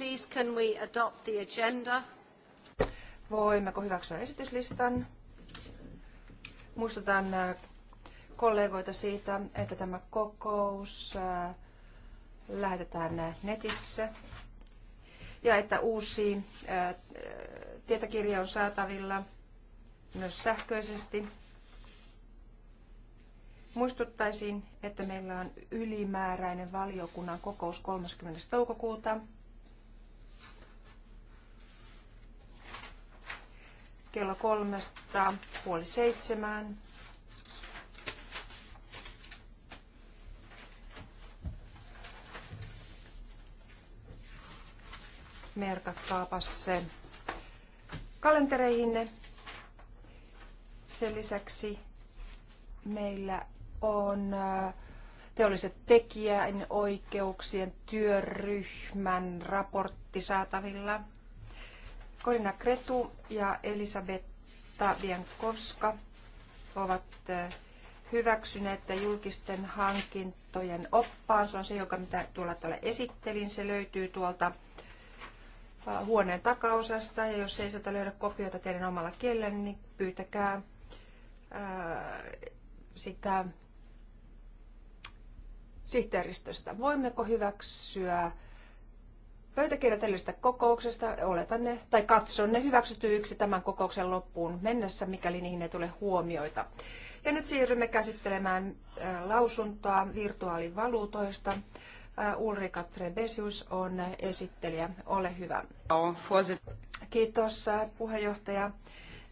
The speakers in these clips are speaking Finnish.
please can we adopt the agenda? Voimmeko hyväksyä esityslistan? Muistutan äh, kollegoita siitä, että tämä kokous äh, lähetetään äh, netissä ja että uusi tietokirja on saatavilla myös sähköisesti. Muistuttaisin, että meillä on ylimääräinen valiokunnan kokous 30. toukokuuta kello kolmesta puoli seitsemään. Merkatkaapas se kalentereihinne. Sen lisäksi meillä on äh, teolliset oikeuksien työryhmän raportti saatavilla. Korina Kretu ja Elisabetta Bienkowska ovat hyväksyneet julkisten hankintojen oppaan. Se on se, joka mitä tuolla tuolla esittelin. Se löytyy tuolta huoneen takaosasta ja jos ei sieltä löydä kopioita teidän omalla kielellä, niin pyytäkää ää, sitä sihteeristöstä. Voimmeko hyväksyä Pöytäkirjat edellisestä kokouksesta, oletan ne, tai katson ne hyväksytyiksi tämän kokouksen loppuun mennessä, mikäli niihin ei tule huomioita. Ja nyt siirrymme käsittelemään äh, lausuntoa virtuaalivaluutoista. Äh, Ulrika Trebesius on esittelijä. Ole hyvä. Kiitos äh, puheenjohtaja.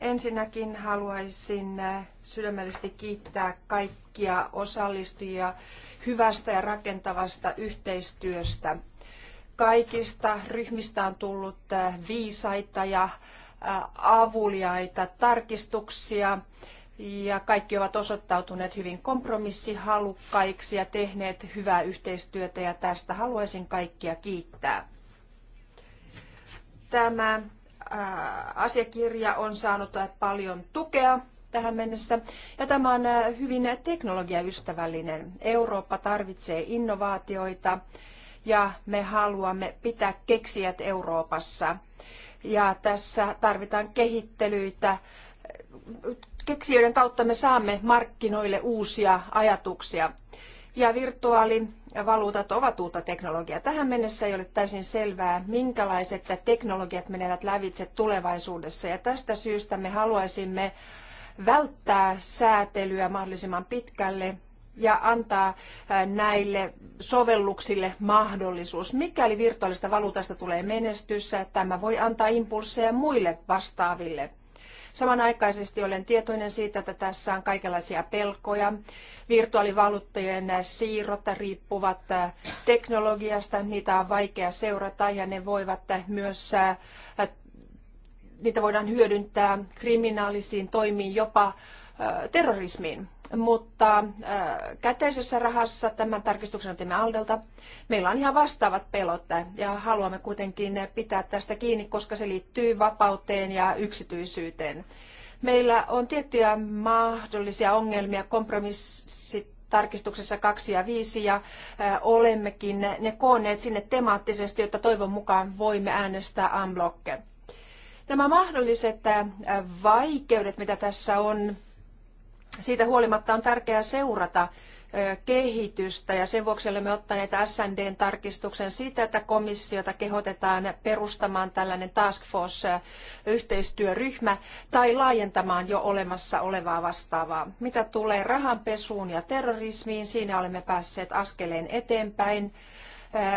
Ensinnäkin haluaisin sydämellisesti kiittää kaikkia osallistujia hyvästä ja rakentavasta yhteistyöstä Kaikista ryhmistä on tullut äh, viisaita ja äh, avuliaita tarkistuksia ja kaikki ovat osoittautuneet hyvin kompromissihalukkaiksi ja tehneet hyvää yhteistyötä ja tästä haluaisin kaikkia kiittää. Tämä äh, asiakirja on saanut paljon tukea tähän mennessä ja tämä on hyvin teknologiaystävällinen. Eurooppa tarvitsee innovaatioita ja me haluamme pitää keksijät Euroopassa. Ja tässä tarvitaan kehittelyitä. Keksijöiden kautta me saamme markkinoille uusia ajatuksia. Ja virtuaalivaluutat ovat uutta teknologiaa. Tähän mennessä ei ole täysin selvää, minkälaiset teknologiat menevät lävitse tulevaisuudessa. Ja tästä syystä me haluaisimme välttää säätelyä mahdollisimman pitkälle ja antaa näille sovelluksille mahdollisuus. Mikäli virtuaalista valuutasta tulee menestyssä, tämä voi antaa impulsseja muille vastaaville. Samanaikaisesti olen tietoinen siitä, että tässä on kaikenlaisia pelkoja. Virtuaalivaluuttojen siirrot riippuvat teknologiasta, niitä on vaikea seurata ja ne voivat myös niitä voidaan hyödyntää kriminaalisiin toimiin, jopa terrorismiin mutta äh, käteisessä rahassa, tämän tarkistuksen otimme Aldelta, meillä on ihan vastaavat pelot ja haluamme kuitenkin pitää tästä kiinni, koska se liittyy vapauteen ja yksityisyyteen. Meillä on tiettyjä mahdollisia ongelmia kompromissitarkistuksessa 2 ja 5 ja äh, olemmekin ne koonneet sinne temaattisesti, jotta toivon mukaan voimme äänestää unblock. Nämä mahdolliset äh, vaikeudet, mitä tässä on, siitä huolimatta on tärkeää seurata kehitystä ja sen vuoksi olemme ottaneet SNDn tarkistuksen siitä, että komissiota kehotetaan perustamaan tällainen task force yhteistyöryhmä tai laajentamaan jo olemassa olevaa vastaavaa. Mitä tulee rahanpesuun ja terrorismiin, siinä olemme päässeet askeleen eteenpäin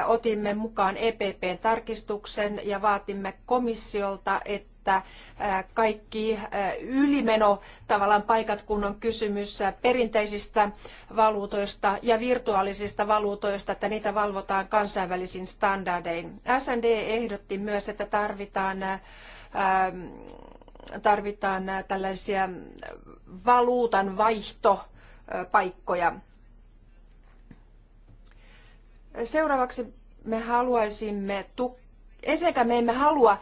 otimme mukaan EPPn tarkistuksen ja vaatimme komissiolta, että kaikki ylimeno tavallaan paikat, kun on kysymys perinteisistä valuutoista ja virtuaalisista valuutoista, että niitä valvotaan kansainvälisin standardein. SND ehdotti myös, että tarvitaan tarvitaan tällaisia valuutan vaihtopaikkoja. Seuraavaksi me haluaisimme, tu- ensinnäkään me emme halua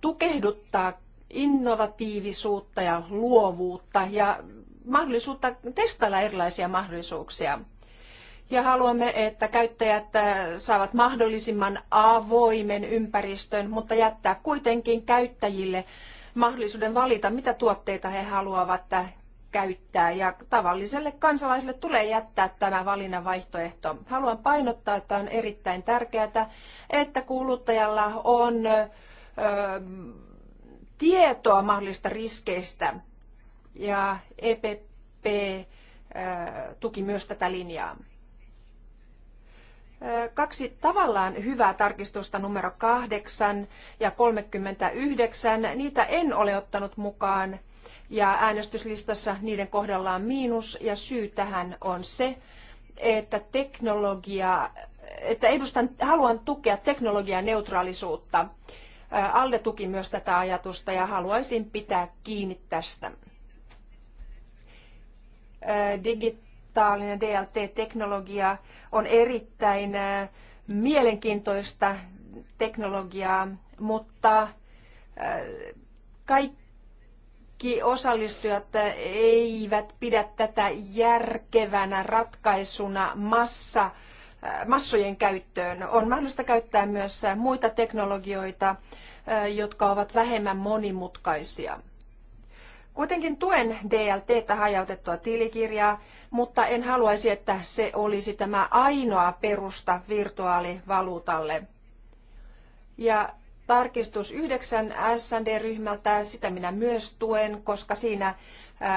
tukehduttaa innovatiivisuutta ja luovuutta ja mahdollisuutta testailla erilaisia mahdollisuuksia. Ja haluamme, että käyttäjät saavat mahdollisimman avoimen ympäristön, mutta jättää kuitenkin käyttäjille mahdollisuuden valita, mitä tuotteita he haluavat käyttää ja tavalliselle kansalaiselle tulee jättää tämä valinnan vaihtoehto. Haluan painottaa, että on erittäin tärkeää, että kuluttajalla on ö, tietoa mahdollisista riskeistä ja EPP ö, tuki myös tätä linjaa. Kaksi tavallaan hyvää tarkistusta numero 8 ja 39, niitä en ole ottanut mukaan ja äänestyslistassa niiden kohdalla on miinus ja syy tähän on se, että teknologia, että edustan, haluan tukea teknologian neutraalisuutta. Alde tuki myös tätä ajatusta ja haluaisin pitää kiinni tästä. Digitaalinen DLT-teknologia on erittäin mielenkiintoista teknologiaa, mutta kaikki kaikki osallistujat eivät pidä tätä järkevänä ratkaisuna massa, äh, massojen käyttöön. On mahdollista käyttää myös muita teknologioita, äh, jotka ovat vähemmän monimutkaisia. Kuitenkin tuen DLT-tä hajautettua tilikirjaa, mutta en haluaisi, että se olisi tämä ainoa perusta virtuaalivaluutalle. Ja Tarkistus 9 SND-ryhmältä, sitä minä myös tuen, koska siinä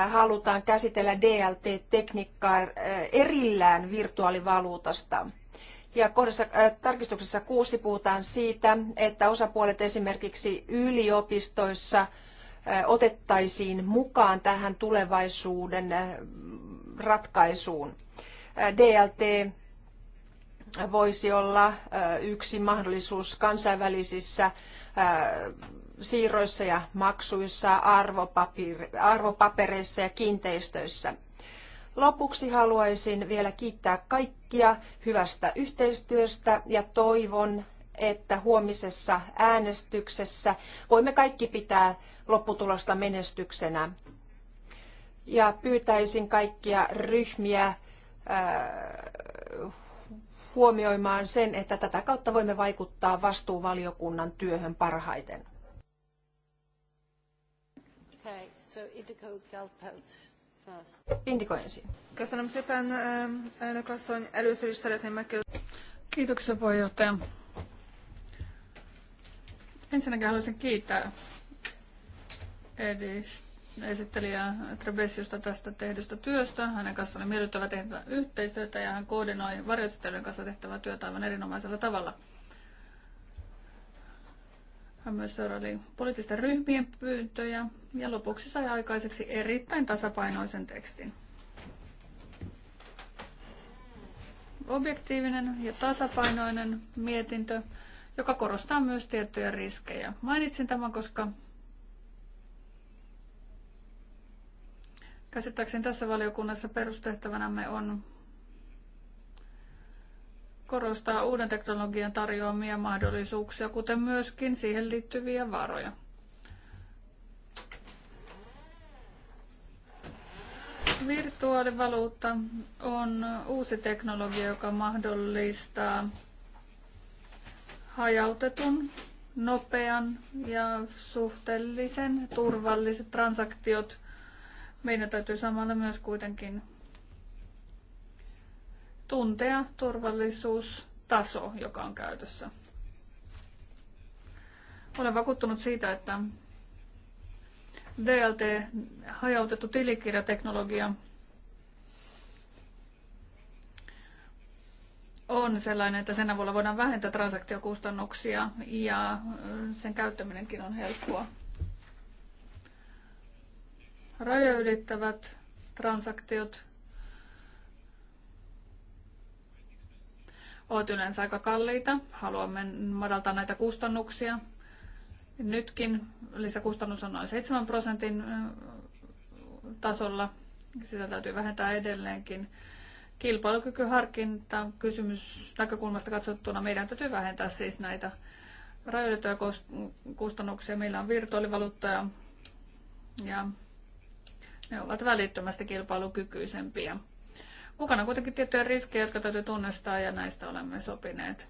halutaan käsitellä DLT-tekniikkaa erillään virtuaalivaluutasta. Ja kohdassa, tarkistuksessa kuusi puhutaan siitä, että osapuolet esimerkiksi yliopistoissa otettaisiin mukaan tähän tulevaisuuden ratkaisuun. DLT voisi olla äh, yksi mahdollisuus kansainvälisissä äh, siirroissa ja maksuissa, arvopapereissa ja kiinteistöissä. Lopuksi haluaisin vielä kiittää kaikkia hyvästä yhteistyöstä ja toivon, että huomisessa äänestyksessä voimme kaikki pitää lopputulosta menestyksenä. Ja pyytäisin kaikkia ryhmiä äh, huomioimaan sen, että tätä kautta voimme vaikuttaa vastuuvaliokunnan työhön parhaiten. Okay, so Indigo Indiko ensin. Köszönöm szépen, eh, elnök asszony. Először is szeretném megkérdezni. Kiitoksia puheenjohtaja. Ensinnäkin haluaisin kiittää edistä esittelijä trebessiosta tästä tehdystä työstä. Hänen kanssaan oli miellyttävä tehdä yhteistyötä ja hän koordinoi varjoesittelijän kanssa tehtävää työtä aivan erinomaisella tavalla. Hän myös seuraili poliittisten ryhmien pyyntöjä ja lopuksi sai aikaiseksi erittäin tasapainoisen tekstin. Objektiivinen ja tasapainoinen mietintö, joka korostaa myös tiettyjä riskejä. Mainitsin tämän, koska Käsittääkseni tässä valiokunnassa perustehtävänämme on korostaa uuden teknologian tarjoamia mahdollisuuksia, kuten myöskin siihen liittyviä varoja. Virtuaalivaluutta on uusi teknologia, joka mahdollistaa hajautetun, nopean ja suhteellisen turvalliset transaktiot meidän täytyy samalla myös kuitenkin tuntea turvallisuustaso, joka on käytössä. Olen vakuuttunut siitä, että DLT, hajautettu tilikirjateknologia, on sellainen, että sen avulla voidaan vähentää transaktiokustannuksia ja sen käyttäminenkin on helppoa raja ylittävät transaktiot ovat yleensä aika kalliita. Haluamme madaltaa näitä kustannuksia. Nytkin lisäkustannus on noin 7 prosentin tasolla. Sitä täytyy vähentää edelleenkin. Kilpailukykyharkinta kysymys näkökulmasta katsottuna meidän täytyy vähentää siis näitä rajoitettuja kustannuksia. Meillä on virtuaalivaluutta ja ne ovat välittömästi kilpailukykyisempiä. Mukana on kuitenkin tiettyjä riskejä, jotka täytyy tunnistaa ja näistä olemme sopineet.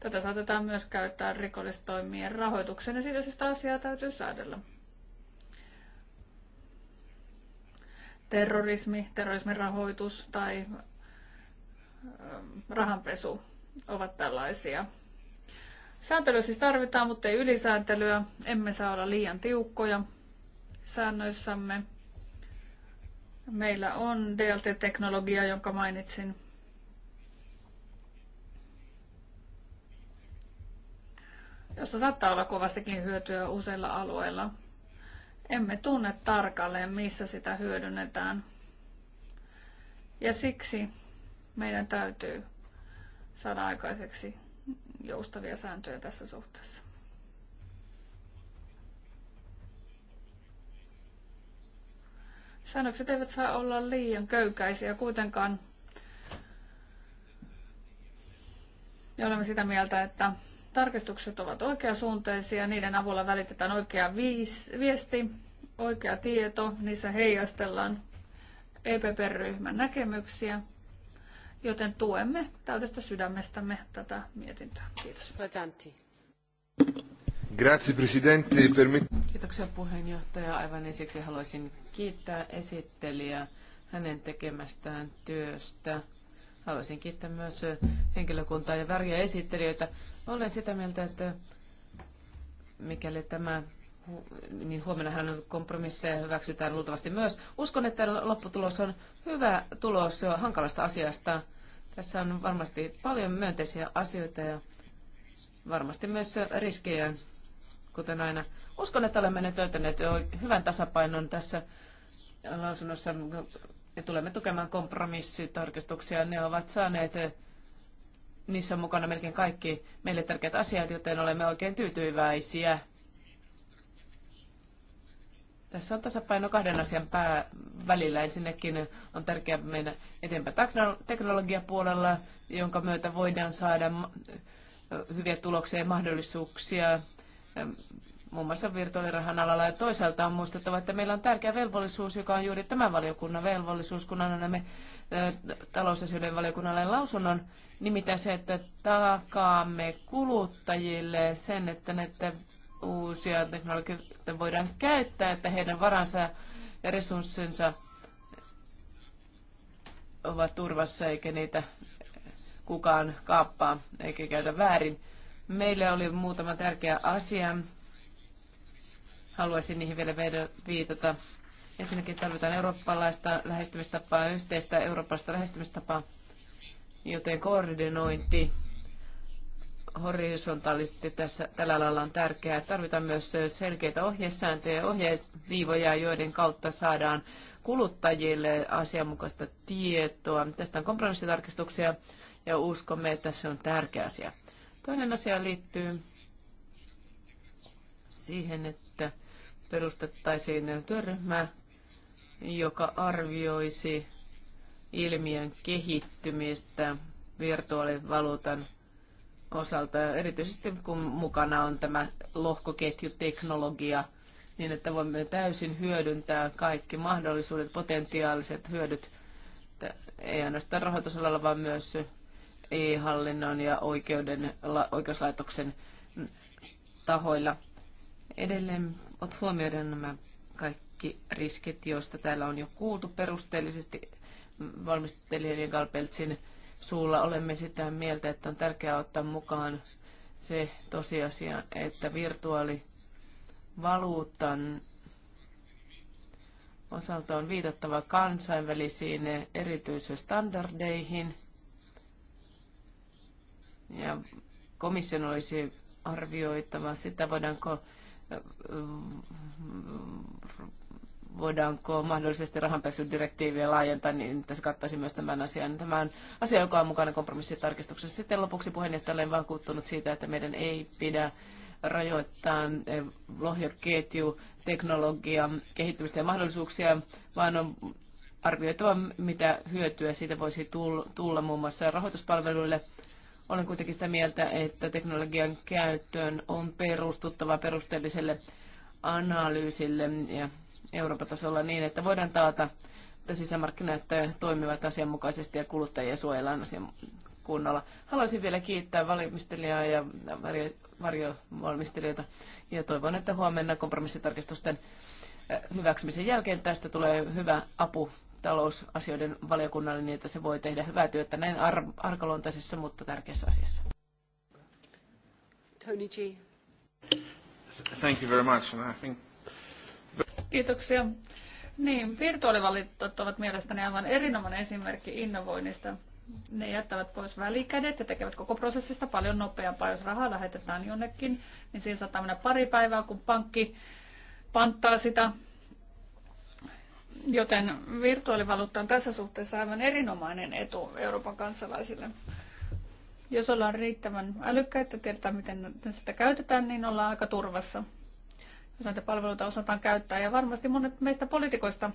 Tätä saatetaan myös käyttää rikollistoimien rahoitukseen ja siitä syystä asiaa täytyy säädellä. Terrorismi, terrorismin rahoitus tai ähm, rahanpesu ovat tällaisia Sääntelyä siis tarvitaan, mutta ei ylisääntelyä. Emme saa olla liian tiukkoja säännöissämme. Meillä on DLT-teknologia, jonka mainitsin. josta saattaa olla kovastikin hyötyä useilla alueilla. Emme tunne tarkalleen, missä sitä hyödynnetään. Ja siksi meidän täytyy saada aikaiseksi joustavia sääntöjä tässä suhteessa. Säännökset eivät saa olla liian köykäisiä kuitenkaan. Ja olemme sitä mieltä, että tarkistukset ovat oikeasuuntaisia, niiden avulla välitetään oikea viesti, oikea tieto, niissä heijastellaan EPP-ryhmän näkemyksiä joten tuemme täydestä sydämestämme tätä mietintöä. Kiitos. Grazie Presidente. Kiitoksia puheenjohtaja. Aivan ensiksi haluaisin kiittää esittelijää hänen tekemästään työstä. Haluaisin kiittää myös henkilökuntaa ja väriä esittelijöitä. Olen sitä mieltä, että mikäli tämä niin huomennahan on kompromisseja hyväksytään luultavasti myös. Uskon, että lopputulos on hyvä tulos hankalasta asiasta. Tässä on varmasti paljon myönteisiä asioita ja varmasti myös riskejä, kuten aina. Uskon, että olemme töitäneet jo hyvän tasapainon tässä lausunnossa ja tulemme tukemaan kompromissitarkistuksia. Ne ovat saaneet niissä on mukana melkein kaikki meille tärkeät asiat, joten olemme oikein tyytyväisiä tässä on tasapaino kahden asian pää välillä. Ensinnäkin on tärkeää mennä eteenpäin teknologiapuolella, jonka myötä voidaan saada hyviä tuloksia ja mahdollisuuksia muun muassa virtuaalirahan alalla. Ja toisaalta on muistettava, että meillä on tärkeä velvollisuus, joka on juuri tämän valiokunnan velvollisuus, kun annamme talousasioiden valiokunnalle lausunnon, nimittäin se, että takaamme kuluttajille sen, että näiden uusia teknologioita voidaan käyttää, että heidän varansa ja resurssinsa ovat turvassa eikä niitä kukaan kaappaa eikä käytä väärin. Meille oli muutama tärkeä asia. Haluaisin niihin vielä viitata. Ensinnäkin tarvitaan eurooppalaista lähestymistapaa, yhteistä eurooppalaista lähestymistapaa, joten koordinointi horisontaalisesti tässä, tällä lailla on tärkeää. Tarvitaan myös selkeitä ohjesääntöjä ja ohjeviivoja, joiden kautta saadaan kuluttajille asianmukaista tietoa. Tästä on kompromissitarkistuksia ja uskomme, että se on tärkeä asia. Toinen asia liittyy siihen, että perustettaisiin työryhmä, joka arvioisi ilmiön kehittymistä virtuaalivaluutan osalta, erityisesti kun mukana on tämä lohkoketjuteknologia, niin että voimme täysin hyödyntää kaikki mahdollisuudet, potentiaaliset hyödyt, ei ainoastaan rahoitusalalla, vaan myös e-hallinnon ja oikeuden, oikeuslaitoksen tahoilla. Edelleen ot huomioida nämä kaikki riskit, joista täällä on jo kuultu perusteellisesti valmistelijan ja Galpeltsin suulla olemme sitä mieltä, että on tärkeää ottaa mukaan se tosiasia, että virtuaalivaluutan osalta on viitattava kansainvälisiin erityisstandardeihin. Ja komission olisi arvioitava sitä, voidaanko voidaanko mahdollisesti rahanpesudirektiiviä laajentaa, niin tässä kattaisi myös tämän asian. Tämä on asia, joka on mukana kompromissitarkistuksessa. Sitten lopuksi puheenjohtaja olen vakuuttunut siitä, että meidän ei pidä rajoittaa eh, lohjaketju teknologian kehittymistä ja mahdollisuuksia, vaan on arvioitava, mitä hyötyä siitä voisi tulla muun muassa rahoituspalveluille. Olen kuitenkin sitä mieltä, että teknologian käyttöön on perustuttava perusteelliselle analyysille ja Euroopan tasolla niin, että voidaan taata, että sisämarkkinat toimivat asianmukaisesti ja kuluttajia suojellaan asian kunnolla. Haluaisin vielä kiittää valmistelijaa ja varjovalmistelijoita ja toivon, että huomenna kompromissitarkistusten eh, hyväksymisen jälkeen tästä tulee hyvä apu talousasioiden valiokunnalle niin, että se voi tehdä hyvää työtä näin ar- arkaluontaisessa, mutta tärkeässä asiassa. Tony G. Thank you very much. And I think Kiitoksia. Niin, virtuaalivalitot ovat mielestäni aivan erinomainen esimerkki innovoinnista. Ne jättävät pois välikädet ja tekevät koko prosessista paljon nopeampaa. Jos rahaa lähetetään jonnekin, niin siinä saattaa mennä pari päivää, kun pankki panttaa sitä. Joten virtuaalivaluutta on tässä suhteessa aivan erinomainen etu Euroopan kansalaisille. Jos ollaan riittävän älykkäitä ja tiedetään, miten sitä käytetään, niin ollaan aika turvassa jos näitä palveluita osataan käyttää. Ja varmasti monet meistä poliitikoista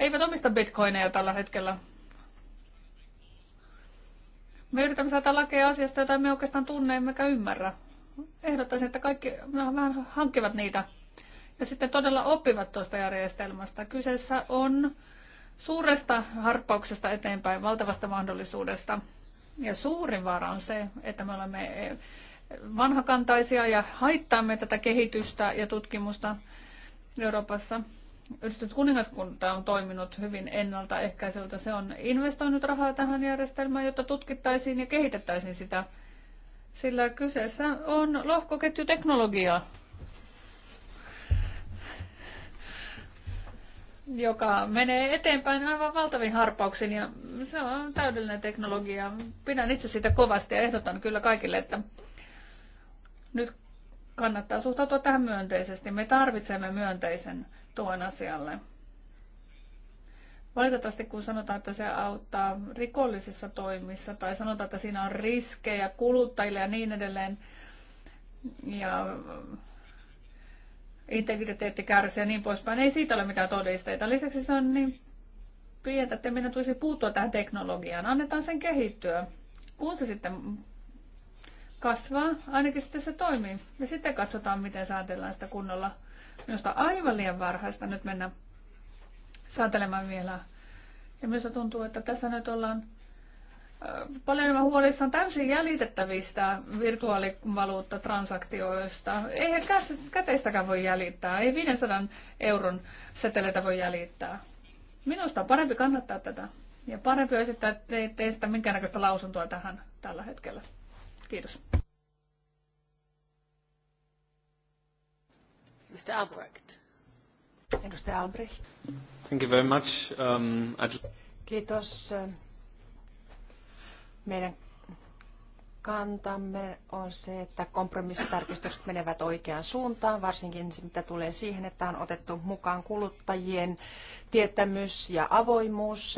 eivät omista bitcoineja tällä hetkellä. Me yritämme saada lakeja asiasta, jota me oikeastaan tunne emmekä ymmärrä. Ehdottaisin, että kaikki vähän hankkivat niitä ja sitten todella oppivat tuosta järjestelmästä. Kyseessä on suuresta harppauksesta eteenpäin, valtavasta mahdollisuudesta. Ja suurin vaara on se, että me olemme vanhakantaisia ja haittaamme tätä kehitystä ja tutkimusta Euroopassa. Yhdistynyt kuningaskunta on toiminut hyvin ennaltaehkäiseltä. Se on investoinut rahaa tähän järjestelmään, jotta tutkittaisiin ja kehitettäisiin sitä. Sillä kyseessä on lohkoketjuteknologia, joka menee eteenpäin aivan valtavin harpauksin. ja se on täydellinen teknologia. Pidän itse sitä kovasti ja ehdotan kyllä kaikille, että nyt kannattaa suhtautua tähän myönteisesti. Me tarvitsemme myönteisen tuen asialle. Valitettavasti kun sanotaan, että se auttaa rikollisissa toimissa tai sanotaan, että siinä on riskejä kuluttajille ja niin edelleen ja integriteetti kärsii ja niin poispäin, ei siitä ole mitään todisteita. Lisäksi se on niin pientä, että meidän tulisi puuttua tähän teknologiaan. Annetaan sen kehittyä. Kun se sitten kasvaa, ainakin sitten se toimii. Ja sitten katsotaan, miten saatellaan sitä kunnolla. Minusta aivan liian varhaista nyt mennä saatelemaan vielä. Ja minusta tuntuu, että tässä nyt ollaan paljon enemmän huolissaan täysin jäljitettävistä virtuaalivaluuttatransaktioista. Ei käteistäkään voi jäljittää, ei 500 euron seteleitä voi jäljittää. Minusta on parempi kannattaa tätä ja parempi on esittää, että ei tee sitä minkäännäköistä lausuntoa tähän tällä hetkellä. Kiitos. Mr. Albrecht. Edustaja Albrecht. Thank you very much. Um, Kiitos. Meidän kantamme on se, että kompromissitarkistukset menevät oikeaan suuntaan, varsinkin se, mitä tulee siihen, että on otettu mukaan kuluttajien tietämys ja avoimuus.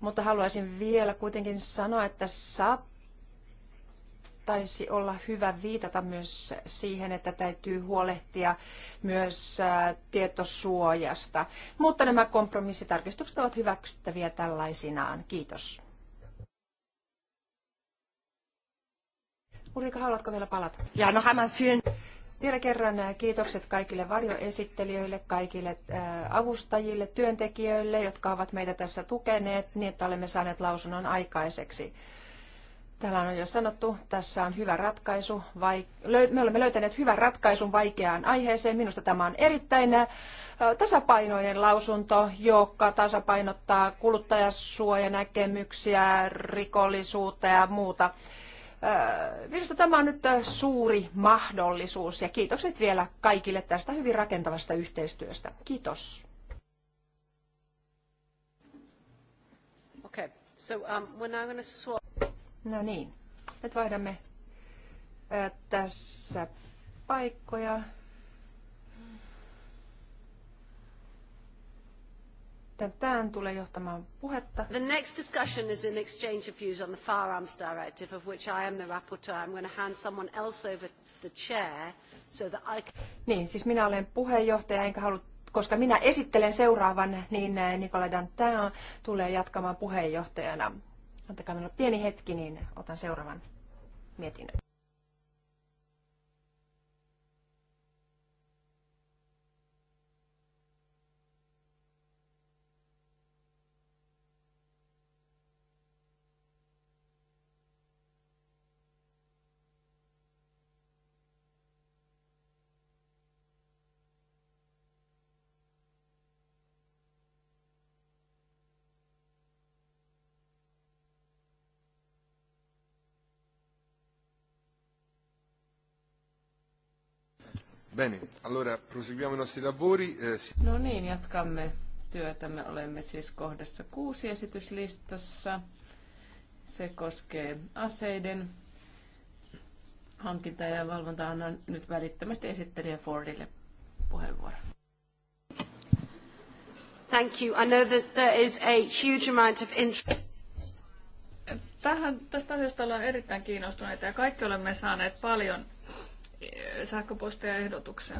Mutta haluaisin vielä kuitenkin sanoa, että saattaa saattaisi olla hyvä viitata myös siihen, että täytyy huolehtia myös tietosuojasta. Mutta nämä kompromissitarkistukset ovat hyväksyttäviä tällaisinaan. Kiitos. Ulrika, haluatko vielä palata? Ja no, vielä kerran kiitokset kaikille varjoesittelijöille, kaikille avustajille, työntekijöille, jotka ovat meitä tässä tukeneet niin, että olemme saaneet lausunnon aikaiseksi. Täällä on jo sanottu, tässä on hyvä ratkaisu. Vai, me olemme löytäneet hyvän ratkaisun vaikeaan aiheeseen. Minusta tämä on erittäin äh, tasapainoinen lausunto, joka tasapainottaa kuluttajasuojanäkemyksiä, rikollisuutta ja muuta. Äh, minusta tämä on nyt äh, suuri mahdollisuus ja kiitokset vielä kaikille tästä hyvin rakentavasta yhteistyöstä. Kiitos. Okay. So, um, we're now No niin, nyt vaihdamme ää, tässä paikkoja. Tämän tulee johtamaan puhetta. The next discussion is an exchange of views on the firearms directive, of which I am the rapporteur. I'm going to hand someone else over the chair so that I can... Niin, siis minä olen puheenjohtaja, enkä halua koska minä esittelen seuraavan, niin äh, Nikola Dantin tulee jatkamaan puheenjohtajana. Antakaa minulle pieni hetki, niin otan seuraavan mietinnön. Bene, allora proseguiamo i nostri lavori. Eh, no niin, jatkamme työtämme. Olemme siis kohdassa kuusi esityslistassa. Se koskee aseiden hankintaa ja valvontaa. Annan nyt välittömästi esittelijä Fordille puheenvuoron. Thank you. I know that there is a huge amount of interest. Tähän, tästä asiasta ollaan erittäin kiinnostuneita ja kaikki olemme saaneet paljon sähköpostia ehdotuksia.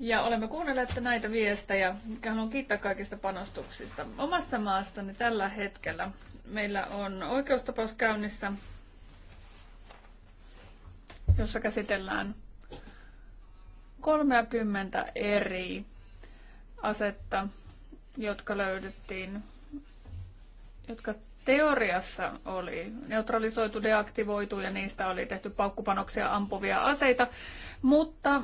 Ja olemme kuunnelleet näitä viestejä, mikä haluan kiittää kaikista panostuksista. Omassa maassani tällä hetkellä meillä on oikeustapaus käynnissä, jossa käsitellään 30 eri asetta, jotka löydettiin, jotka teoriassa oli neutralisoitu, deaktivoitu ja niistä oli tehty paukkupanoksia ampuvia aseita, mutta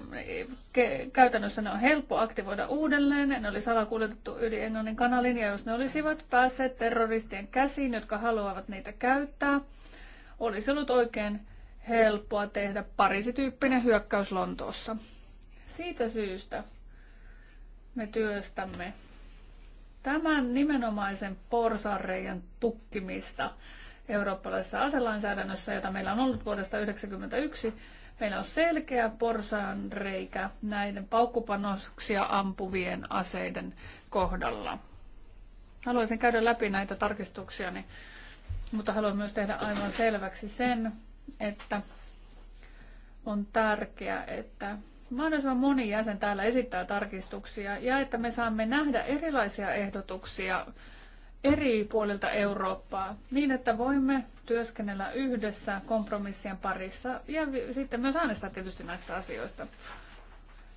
käytännössä ne on helppo aktivoida uudelleen. Ne oli salakuljetettu yli Englannin kanalin ja jos ne olisivat päässeet terroristien käsiin, jotka haluavat niitä käyttää, olisi ollut oikein helppoa tehdä parisityyppinen hyökkäys Lontoossa. Siitä syystä me työstämme tämän nimenomaisen porsareijan tukkimista eurooppalaisessa aselainsäädännössä, jota meillä on ollut vuodesta 1991. Meillä on selkeä porsaanreikä näiden paukkupanoksia ampuvien aseiden kohdalla. Haluaisin käydä läpi näitä tarkistuksia, mutta haluan myös tehdä aivan selväksi sen, että on tärkeää, että mahdollisimman moni jäsen täällä esittää tarkistuksia ja että me saamme nähdä erilaisia ehdotuksia eri puolilta Eurooppaa niin, että voimme työskennellä yhdessä kompromissien parissa ja sitten myös äänestää tietysti näistä asioista.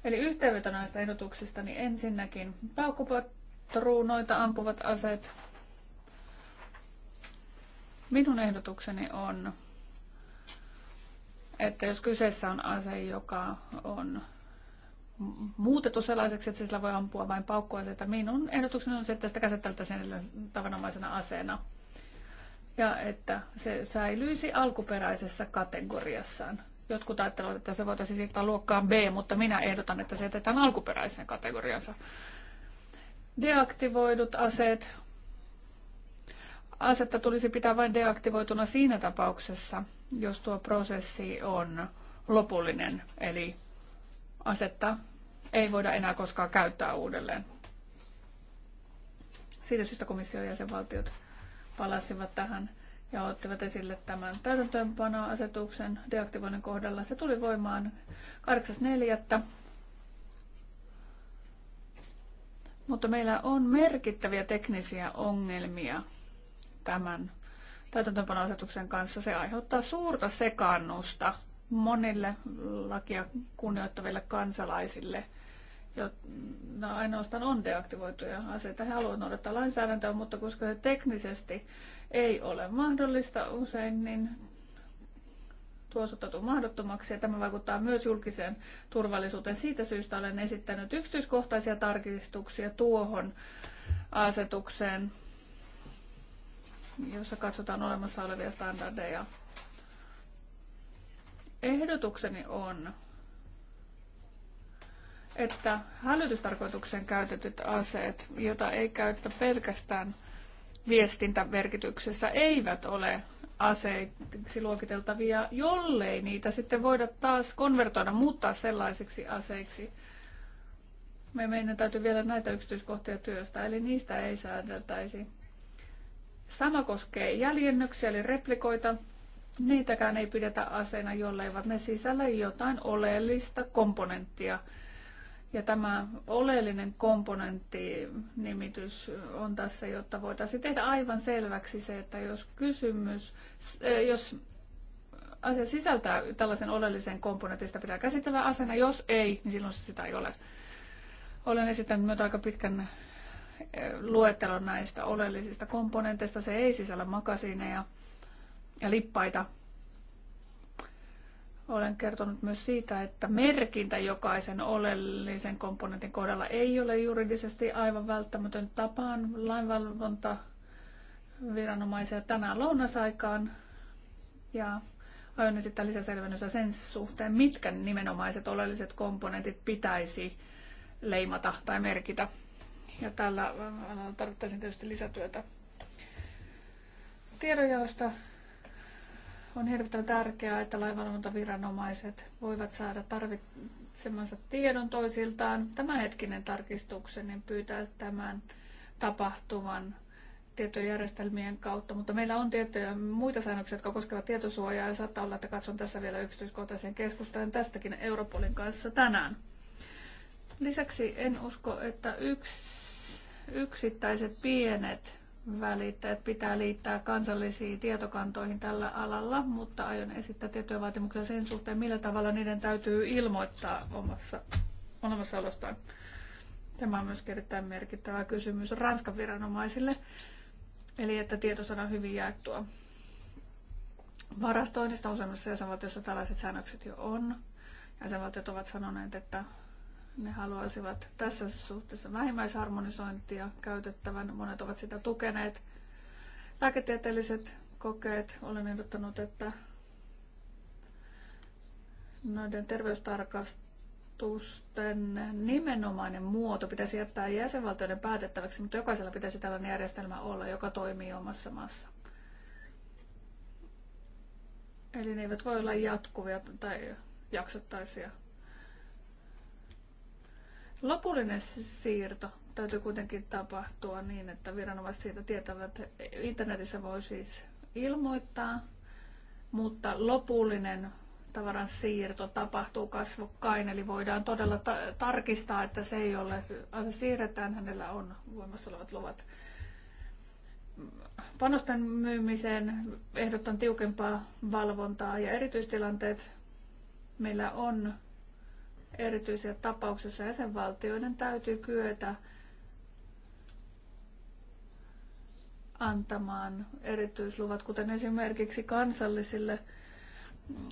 Eli yhteenveto näistä ehdotuksista, niin ensinnäkin paukkupatruunoita ampuvat aseet. Minun ehdotukseni on että jos kyseessä on ase, joka on muutettu sellaiseksi, että sillä voi ampua vain paukkuaseita, minun ehdotukseni on se, että sitä käsiteltäisiin tavanomaisena aseena. Ja että se säilyisi alkuperäisessä kategoriassaan. Jotkut ajattelevat, että se voitaisiin siirtää luokkaan B, mutta minä ehdotan, että se jätetään alkuperäiseen kategoriansa. Deaktivoidut aseet, asetta tulisi pitää vain deaktivoituna siinä tapauksessa, jos tuo prosessi on lopullinen, eli asetta ei voida enää koskaan käyttää uudelleen. Siitä syystä komission jäsenvaltiot palasivat tähän ja ottivat esille tämän täytäntöönpanoasetuksen deaktivoinnin kohdalla. Se tuli voimaan 8.4. Mutta meillä on merkittäviä teknisiä ongelmia tämän täytäntöönpanoasetuksen kanssa. Se aiheuttaa suurta sekannusta monille lakia kunnioittaville kansalaisille, jotka no ainoastaan on deaktivoituja aseita. He haluavat noudattaa lainsäädäntöä, mutta koska se teknisesti ei ole mahdollista usein, niin tuo osoittautuu mahdottomaksi ja tämä vaikuttaa myös julkiseen turvallisuuteen. Siitä syystä olen esittänyt yksityiskohtaisia tarkistuksia tuohon asetukseen jossa katsotaan olemassa olevia standardeja. Ehdotukseni on, että hälytystarkoitukseen käytetyt aseet, joita ei käytetä pelkästään viestintämerkityksessä, eivät ole aseiksi luokiteltavia, jollei niitä sitten voida taas konvertoida, muuttaa sellaisiksi aseiksi. Me meidän täytyy vielä näitä yksityiskohtia työstä, eli niistä ei säädeltäisi. Sama koskee jäljennöksiä eli replikoita. Niitäkään ei pidetä aseena, jollei ne sisällä jotain oleellista komponenttia. Ja tämä oleellinen komponentti nimitys on tässä, jotta voitaisiin tehdä aivan selväksi se, että jos kysymys, eh, jos asia sisältää tällaisen oleellisen komponentin, sitä pitää käsitellä asena. Jos ei, niin silloin sitä ei ole. Olen esittänyt myös aika pitkän luettelon näistä oleellisista komponenteista. Se ei sisällä makasiineja ja lippaita. Olen kertonut myös siitä, että merkintä jokaisen oleellisen komponentin kohdalla ei ole juridisesti aivan välttämätön tapaan lainvalvonta viranomaisia tänään lounasaikaan ja aion esittää lisäselvennystä sen suhteen, mitkä nimenomaiset oleelliset komponentit pitäisi leimata tai merkitä. Ja tällä tarvittaisiin tietysti lisätyötä. Tiedonjaosta on hirvittävän tärkeää, että lainvalvontaviranomaiset voivat saada tarvitsemansa tiedon toisiltaan. Tämänhetkinen niin pyytää tämän tapahtuvan tietojärjestelmien kautta, mutta meillä on tiettyjä muita säännöksiä, jotka koskevat tietosuojaa ja saattaa olla, että katson tässä vielä yksityiskohtaisen keskustelun tästäkin Europolin kanssa tänään. Lisäksi en usko, että yksi yksittäiset pienet välittäjät pitää liittää kansallisiin tietokantoihin tällä alalla, mutta aion esittää tiettyjä vaatimuksia sen suhteen, millä tavalla niiden täytyy ilmoittaa omassa olemassaolostaan. Tämä on myös erittäin merkittävä kysymys Ranskan viranomaisille, eli että tietosana on hyvin jaettua. Varastoinnista useimmissa jäsenvaltioissa tällaiset säännökset jo on. Jäsenvaltiot ovat sanoneet, että ne haluaisivat tässä suhteessa vähimmäisharmonisointia käytettävän. Monet ovat sitä tukeneet. Lääketieteelliset kokeet. Olen ehdottanut, että noiden terveystarkastusten nimenomainen muoto pitäisi jättää jäsenvaltioiden päätettäväksi, mutta jokaisella pitäisi tällainen järjestelmä olla, joka toimii omassa maassa. Eli ne eivät voi olla jatkuvia tai jaksottaisia Lopullinen siirto täytyy kuitenkin tapahtua niin, että viranomaiset siitä tietävät. Internetissä voi siis ilmoittaa, mutta lopullinen tavaran siirto tapahtuu kasvokkain, eli voidaan todella ta- tarkistaa, että se ei ole, se siirretään, hänellä on voimassa olevat luvat. Panosten myymiseen ehdottan tiukempaa valvontaa ja erityistilanteet meillä on erityisiä tapauksessa jäsenvaltioiden täytyy kyetä antamaan erityisluvat, kuten esimerkiksi kansallisille mm,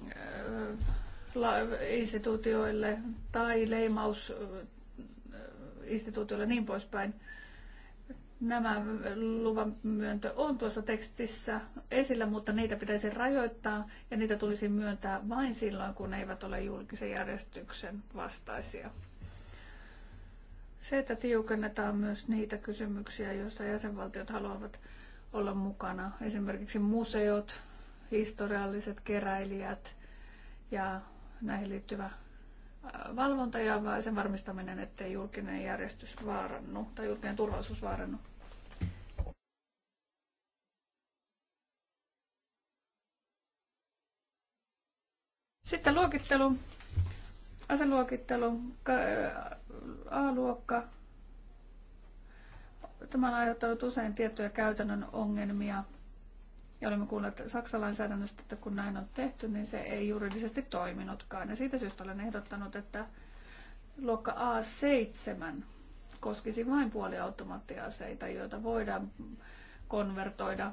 instituutioille tai leimausinstituutioille niin poispäin. Nämä luvan myöntö on tuossa tekstissä esillä, mutta niitä pitäisi rajoittaa ja niitä tulisi myöntää vain silloin, kun ne eivät ole julkisen järjestyksen vastaisia. Se, että tiukennetaan myös niitä kysymyksiä, joissa jäsenvaltiot haluavat olla mukana, esimerkiksi museot, historialliset keräilijät ja näihin liittyvä valvonta ja sen varmistaminen, ettei julkinen järjestys vaarannu tai julkinen turvallisuus vaarannu. Sitten luokittelu, aseluokittelu, A-luokka. Tämä on aiheuttanut usein tiettyjä käytännön ongelmia ja olemme kuulleet Saksan lainsäädännöstä, että kun näin on tehty, niin se ei juridisesti toiminutkaan. Ja siitä syystä olen ehdottanut, että luokka A7 koskisi vain puoliautomaattiaseita, joita voidaan konvertoida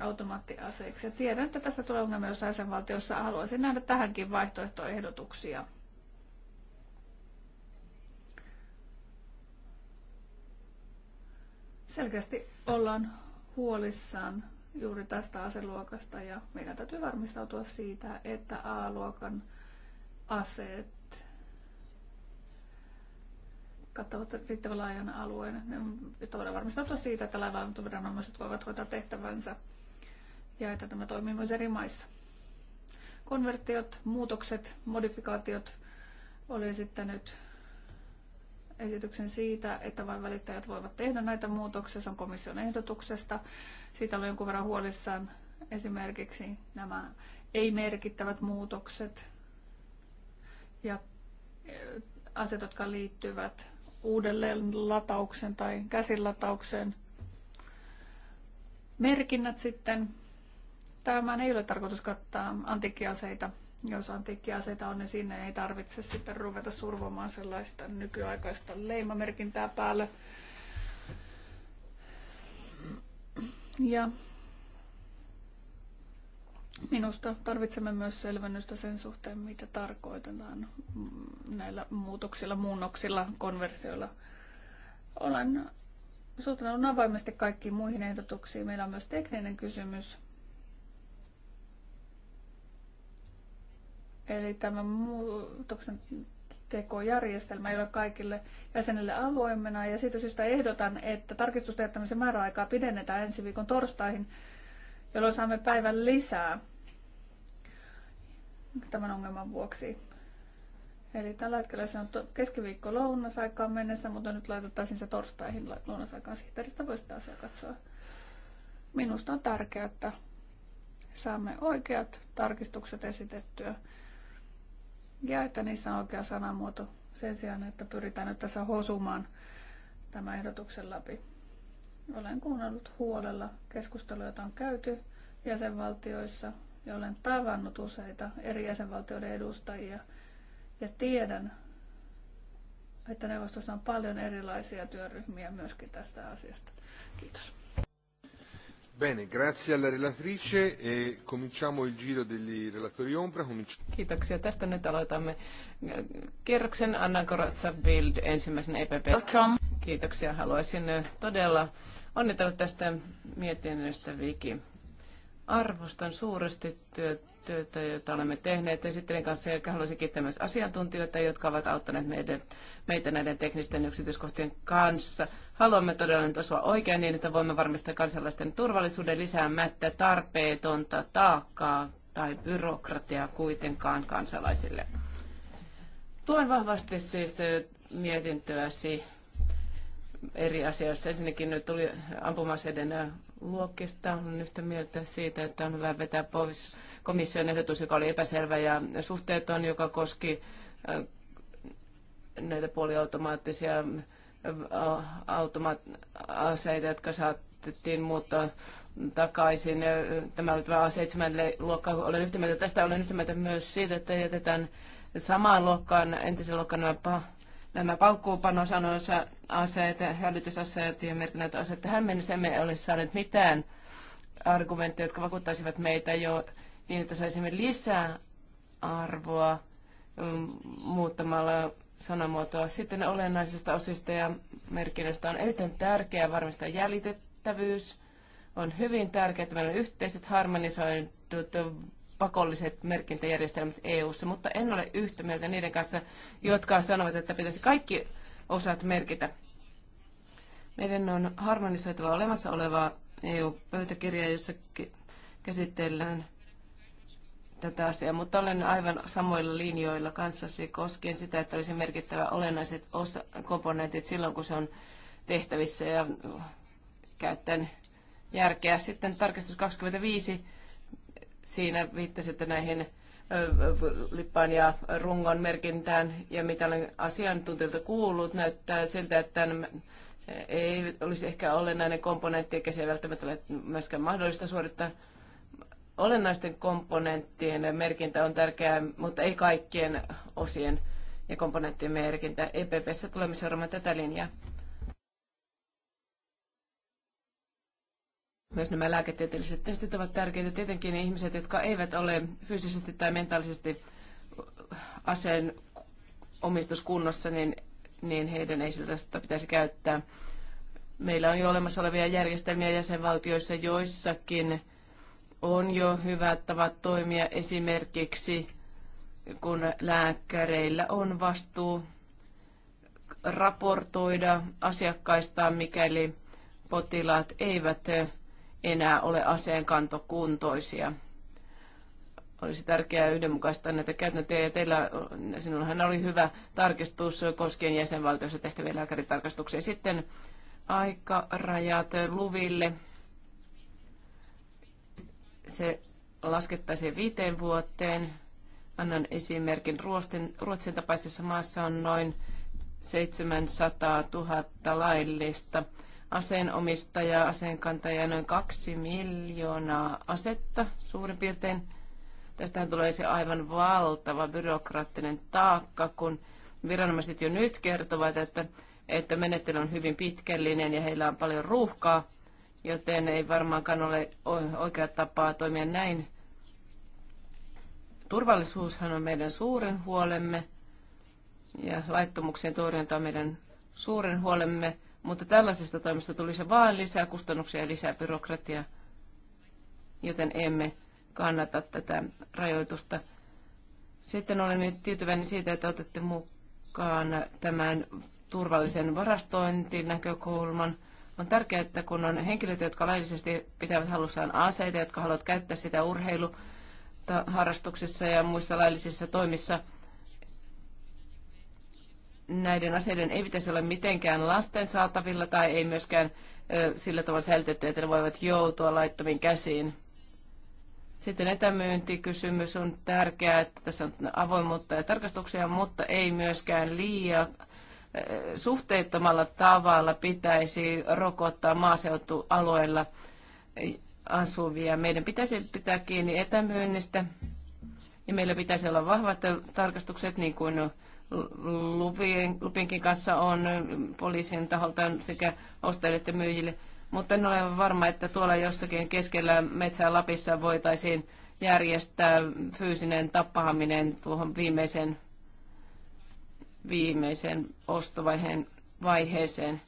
automaattiaseiksi. Ja tiedän, että tästä tulee ongelmia jossain jäsenvaltiossa. Haluaisin nähdä tähänkin vaihtoehtoehdotuksia. Selkeästi ollaan huolissaan juuri tästä aseluokasta ja meidän täytyy varmistautua siitä, että A-luokan aseet kattavat riittävän laajan alueen. Jotta voidaan varmistautua siitä, että laivaantuviranomaiset voivat hoitaa tehtävänsä ja että tämä toimii myös eri maissa. Konvertiot, muutokset, modifikaatiot oli nyt esityksen siitä, että vain välittäjät voivat tehdä näitä muutoksia. Se on komission ehdotuksesta. Siitä oli jonkun verran huolissaan esimerkiksi nämä ei-merkittävät muutokset ja e, asiat, jotka liittyvät uudelleen latauksen tai käsilataukseen. Merkinnät sitten. tämä ei ole tarkoitus kattaa antiikkiaseita jos antiikkiaseita on, niin sinne ei tarvitse sitten ruveta survomaan sellaista nykyaikaista leimamerkintää päälle. Ja Minusta tarvitsemme myös selvennystä sen suhteen, mitä tarkoitetaan näillä muutoksilla, muunnoksilla, konversioilla. Olen suhtaudun avoimesti kaikkiin muihin ehdotuksiin. Meillä on myös tekninen kysymys, Eli tämä muutoksen tekojärjestelmä ei ole kaikille jäsenille avoimena ja siitä syystä ehdotan, että tarkistustehtämisen määräaikaa pidennetään ensi viikon torstaihin, jolloin saamme päivän lisää tämän ongelman vuoksi. Eli tällä hetkellä se on keskiviikko lounasaikaan mennessä, mutta nyt laitettaisiin se torstaihin lounasaikaan. Sihteeristä voi sitä asiaa katsoa. Minusta on tärkeää, että saamme oikeat tarkistukset esitettyä ja että niissä on oikea sanamuoto sen sijaan, että pyritään nyt tässä hosumaan tämän ehdotuksen läpi. Olen kuunnellut huolella keskusteluja, joita on käyty jäsenvaltioissa ja olen tavannut useita eri jäsenvaltioiden edustajia ja tiedän, että neuvostossa on paljon erilaisia työryhmiä myöskin tästä asiasta. Kiitos. Bene, grazie alla relatrice e cominciamo il giro degli relatori ombra. Kiitoksia. Tästä nyt aloitamme äh, kierroksen. Anna Koratsa Bild ensimmäisen EPP. Welcome. Kiitoksia. Haluaisin äh, todella onnitella tästä mietinnöstä, Viki. Arvostan suuresti työtä, jota olemme tehneet esittelijän kanssa, ja haluaisin kiittää myös asiantuntijoita, jotka ovat auttaneet meidän, meitä näiden teknisten yksityiskohtien kanssa. Haluamme todella nyt osua oikein niin, että voimme varmistaa kansalaisten turvallisuuden lisäämättä tarpeetonta taakkaa tai byrokratiaa kuitenkaan kansalaisille. Tuen vahvasti siis mietintöäsi eri asioissa. Ensinnäkin nyt tuli ampumaseiden äh, luokista. Olen yhtä mieltä siitä, että on hyvä vetää pois komission ehdotus, joka oli epäselvä ja suhteeton, joka koski äh, näitä puoliautomaattisia äh, aseita, jotka saatettiin muuttaa takaisin. Tämä oli tämä A7-luokka. Olen yhtä mieltä tästä. Olen yhtä mieltä myös siitä, että jätetään samaan luokkaan, entisen luokkaan nämä nämä paukkuupanosanoissa aseet, hälytysaseet ja merkinnät aseet. Tähän mennessä emme ole saaneet mitään argumentteja, jotka vakuuttaisivat meitä jo niin, että saisimme lisää arvoa mm, muuttamalla sanamuotoa. Sitten olennaisista osista ja merkinnöistä on erittäin tärkeää varmistaa jäljitettävyys. On hyvin tärkeää, että meillä on yhteiset harmonisoidut pakolliset merkintäjärjestelmät EU:ssa, mutta en ole yhtä mieltä niiden kanssa, jotka sanovat, että pitäisi kaikki osat merkitä. Meidän on harmonisoitava olemassa olevaa EU-pöytäkirjaa, jossa käsitellään tätä asiaa, mutta olen aivan samoilla linjoilla kanssasi koskien sitä, että olisi merkittävä olennaiset osa- komponentit silloin, kun se on tehtävissä ja käyttäen järkeä. Sitten tarkistus 25 Siinä viittasitte näihin lippaan ja rungon merkintään, ja mitä olen asiantuntijoilta kuullut, näyttää siltä, että ei olisi ehkä olennainen komponentti, eikä se ei välttämättä ole myöskään mahdollista suorittaa. Olennaisten komponenttien merkintä on tärkeää, mutta ei kaikkien osien ja komponenttien merkintä. EPPssä tulemme seuraamaan tätä linjaa. Myös nämä lääketieteelliset testit ovat tärkeitä. Tietenkin ne ihmiset, jotka eivät ole fyysisesti tai mentaalisesti aseen omistuskunnossa, niin, niin heidän ei sitä pitäisi käyttää. Meillä on jo olemassa olevia järjestelmiä jäsenvaltioissa, joissakin on jo hyvät tavat toimia esimerkiksi, kun lääkäreillä on vastuu raportoida asiakkaistaan, mikäli potilaat eivät enää ole aseenkantokuntoisia. Olisi tärkeää yhdenmukaistaa näitä käytäntöjä. Ja teillä, sinullahan oli hyvä tarkistus koskien jäsenvaltiossa tehtäviä lääkäritarkastuksia. Sitten aikarajat luville. Se laskettaisiin viiteen vuoteen. Annan esimerkin. Ruotsin, Ruotsin tapaisessa maassa on noin 700 000 laillista aseenomistajaa, aseenkantajaa, noin kaksi miljoonaa asetta suurin piirtein. Tästähän tulee se aivan valtava byrokraattinen taakka, kun viranomaiset jo nyt kertovat, että, että menettely on hyvin pitkällinen ja heillä on paljon ruuhkaa, joten ei varmaankaan ole oikea tapaa toimia näin. Turvallisuushan on meidän suuren huolemme ja laittomuksen torjunta on meidän suuren huolemme mutta tällaisesta toimesta tulisi vain lisää kustannuksia ja lisää byrokratiaa, joten emme kannata tätä rajoitusta. Sitten olen nyt tyytyväinen siitä, että otette mukaan tämän turvallisen varastointin näkökulman. On tärkeää, että kun on henkilöt, jotka laillisesti pitävät halussaan aseita, jotka haluavat käyttää sitä urheiluharrastuksissa ja muissa laillisissa toimissa – näiden aseiden ei pitäisi olla mitenkään lasten saatavilla tai ei myöskään sillä tavalla säilytetty, että ne voivat joutua laittomiin käsiin. Sitten etämyyntikysymys on tärkeää, että tässä on avoimuutta ja tarkastuksia, mutta ei myöskään liian suhteettomalla tavalla pitäisi rokottaa maaseutualueilla asuvia. Meidän pitäisi pitää kiinni etämyynnistä ja meillä pitäisi olla vahvat tarkastukset, niin kuin lupien, lupinkin kanssa on poliisin taholta sekä ostajille että myyjille. Mutta en ole varma, että tuolla jossakin keskellä metsää Lapissa voitaisiin järjestää fyysinen tappahaminen tuohon viimeisen, viimeisen ostovaiheen vaiheeseen.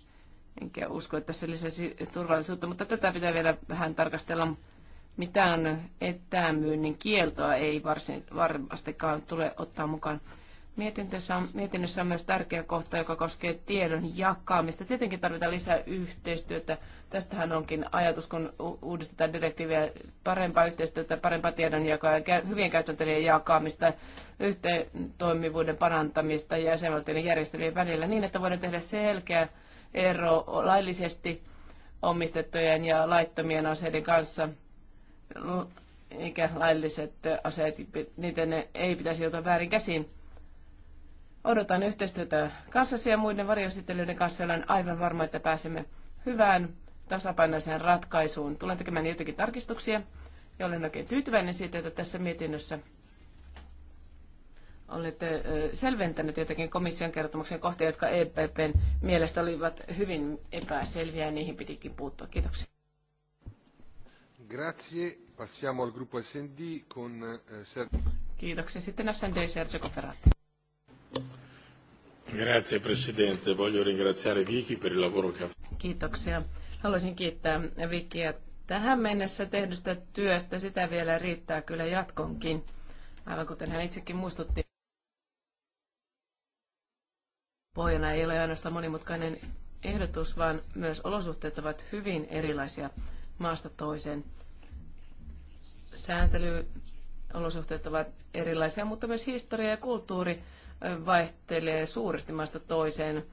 Enkä usko, että se lisäisi turvallisuutta, mutta tätä pitää vielä vähän tarkastella. Mitään etämyynnin kieltoa ei varsin, varmastikaan tule ottaa mukaan. Mietintössä on, mietinnössä on myös tärkeä kohta, joka koskee tiedon jakamista. Tietenkin tarvitaan lisää yhteistyötä. Tästähän onkin ajatus, kun uudistetaan direktiiviä parempaa yhteistyötä, parempaa tiedonjakoa ja hyvien käytäntöjen jakamista, yhteen toimivuuden parantamista ja jäsenvaltioiden järjestelyjen välillä niin, että voidaan tehdä selkeä ero laillisesti omistettujen ja laittomien aseiden kanssa eikä lailliset aseet, niiden ei pitäisi joutua väärin käsiin Odotan yhteistyötä kanssasi ja muiden varjositelijoiden kanssa. Olen aivan varma, että pääsemme hyvään tasapainoiseen ratkaisuun. Tulen tekemään jotakin tarkistuksia ja olen oikein tyytyväinen siitä, että tässä mietinnössä olette selventänyt jotakin komission kertomuksen kohtia, jotka EPPn mielestä olivat hyvin epäselviä ja niihin pitikin puuttua. Kiitoksia. Grazie. Passiamo al gruppo SND con eh, Kiitoksia. Sitten SND Sergio Cofferati. Grazie Presidente. Voglio ringraziare Vicky per il lavoro che ha Kiitoksia. Haluaisin kiittää Vikiä. tähän mennessä tehdystä työstä. Sitä vielä riittää kyllä jatkonkin, aivan kuten hän itsekin muistutti. Pohjana ei ole ainoastaan monimutkainen ehdotus, vaan myös olosuhteet ovat hyvin erilaisia maasta toiseen. Sääntelyolosuhteet ovat erilaisia, mutta myös historia ja kulttuuri vaihtelee suuresti maasta toiseen,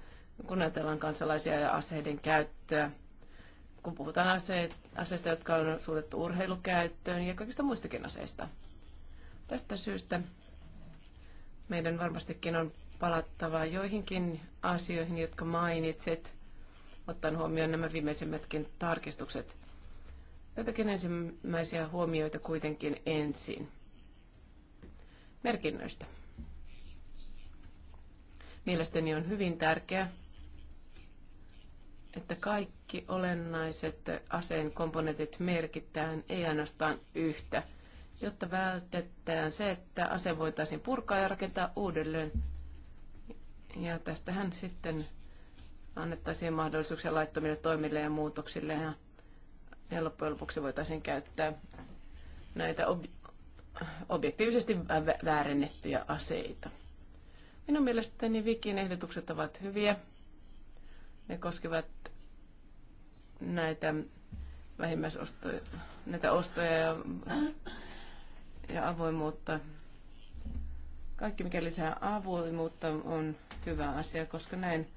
kun ajatellaan kansalaisia ja aseiden käyttöä. Kun puhutaan aseista, jotka on suunnattu urheilukäyttöön ja kaikista muistakin aseista. Tästä syystä meidän varmastikin on palattava joihinkin asioihin, jotka mainitsit, ottaen huomioon nämä viimeisimmätkin tarkistukset. Jotakin ensimmäisiä huomioita kuitenkin ensin merkinnöistä. Mielestäni on hyvin tärkeää, että kaikki olennaiset aseen komponentit merkitään, ei ainoastaan yhtä, jotta vältetään se, että ase voitaisiin purkaa ja rakentaa uudelleen. Ja tästähän sitten annettaisiin mahdollisuuksia laittomille toimille ja muutoksille ja, ja loppujen lopuksi voitaisiin käyttää näitä ob- objektiivisesti väärennettyjä aseita. Minun mielestäni Vikin ehdotukset ovat hyviä. Ne koskevat näitä vähimmäisostoja, näitä ostoja ja, ja avoimuutta. Kaikki, mikä lisää avoimuutta, on hyvä asia, koska näin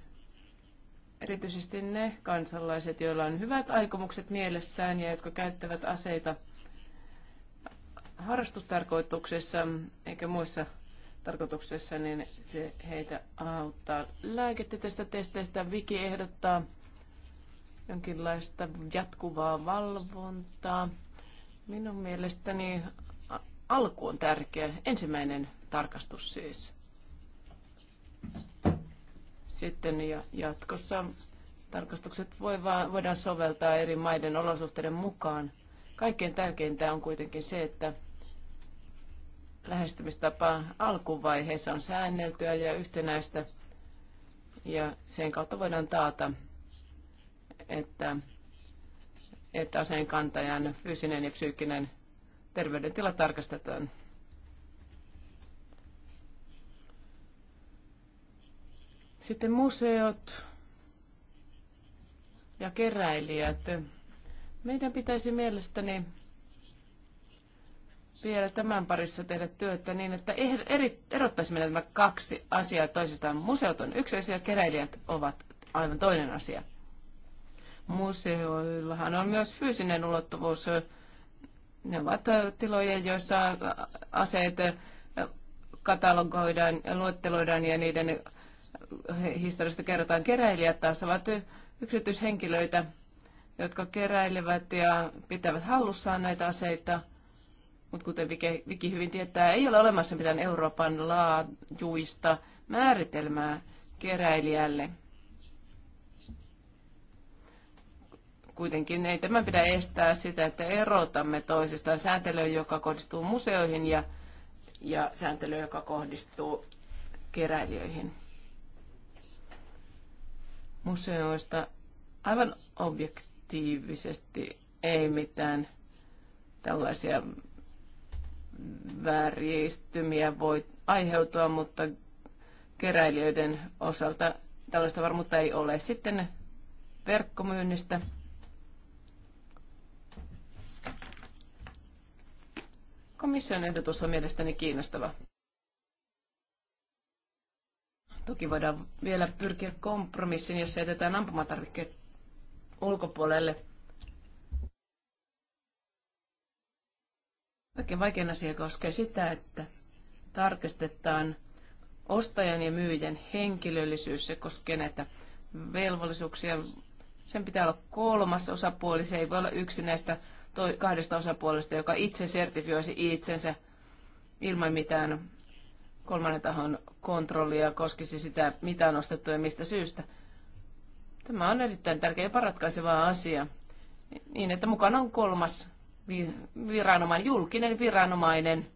erityisesti ne kansalaiset, joilla on hyvät aikomukset mielessään ja jotka käyttävät aseita harrastustarkoituksessa eikä muissa tarkoituksessa, niin se heitä auttaa. Lääketieteellisistä testeistä Viki ehdottaa jonkinlaista jatkuvaa valvontaa. Minun mielestäni alku on tärkeä, ensimmäinen tarkastus siis. Sitten ja jatkossa tarkastukset voi voidaan soveltaa eri maiden olosuhteiden mukaan. Kaikkein tärkeintä on kuitenkin se, että lähestymistapa alkuvaiheessa on säänneltyä ja yhtenäistä ja sen kautta voidaan taata, että, että aseen kantajan fyysinen ja psyykkinen terveydentila tarkastetaan. Sitten museot ja keräilijät. Meidän pitäisi mielestäni vielä tämän parissa tehdä työtä niin, että eh- eri, erottaisimme nämä kaksi asiaa toisistaan. Museot on yksi asia, keräilijät ovat aivan toinen asia. Museoillahan on myös fyysinen ulottuvuus. Ne ovat tiloja, joissa aseet katalogoidaan, luetteloidaan ja niiden historiasta kerrotaan. Keräilijät taas ovat yksityishenkilöitä, jotka keräilevät ja pitävät hallussaan näitä aseita mutta kuten Viki hyvin tietää, ei ole olemassa mitään Euroopan laajuista määritelmää keräilijälle. Kuitenkin ei tämä pidä estää sitä, että erotamme toisistaan sääntelyä, joka kohdistuu museoihin ja, ja sääntelyä, joka kohdistuu keräilijöihin. Museoista aivan objektiivisesti ei mitään tällaisia vääristymiä voi aiheutua, mutta keräilijöiden osalta tällaista varmuutta ei ole. Sitten verkkomyynnistä. Komission ehdotus on mielestäni kiinnostava. Toki voidaan vielä pyrkiä kompromissiin, jos jätetään ampumatarvikkeet ulkopuolelle. Kaikkein vaikein asia koskee sitä, että tarkistetaan ostajan ja myyjän henkilöllisyys. Se koskee näitä velvollisuuksia. Sen pitää olla kolmas osapuoli. Se ei voi olla yksi näistä kahdesta osapuolesta, joka itse sertifioisi itsensä ilman mitään kolmannen tahon kontrollia koskisi sitä, mitä on ostettu ja mistä syystä. Tämä on erittäin tärkeä ja ratkaiseva asia, niin että mukana on kolmas viranomainen, julkinen viranomainen,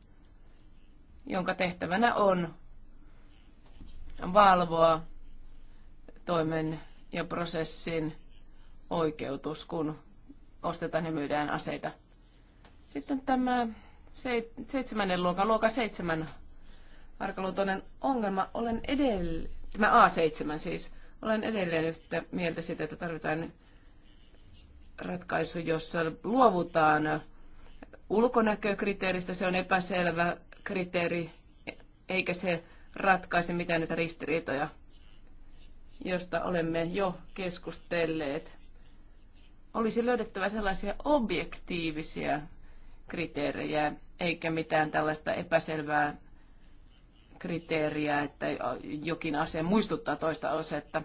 jonka tehtävänä on valvoa toimen ja prosessin oikeutus, kun ostetaan ja myydään aseita. Sitten tämä seitsemännen luokan, luokan seitsemän arkaluutoinen ongelma. Olen edelleen, tämä A7 siis, olen edelleen yhtä mieltä siitä, että tarvitaan ratkaisu, jossa luovutaan ulkonäkökriteeristä. Se on epäselvä kriteeri, eikä se ratkaise mitään näitä ristiriitoja, josta olemme jo keskustelleet. Olisi löydettävä sellaisia objektiivisia kriteerejä, eikä mitään tällaista epäselvää kriteeriä, että jokin asia muistuttaa toista osetta.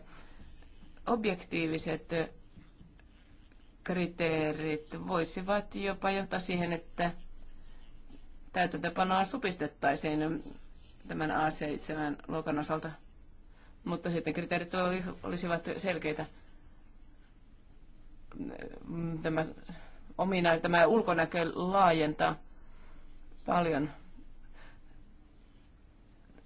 Objektiiviset kriteerit voisivat jopa johtaa siihen, että täytäntöpanoa supistettaisiin tämän A7-luokan osalta, mutta sitten kriteerit olisivat selkeitä. Tämä, omina, tämä ulkonäkö laajentaa paljon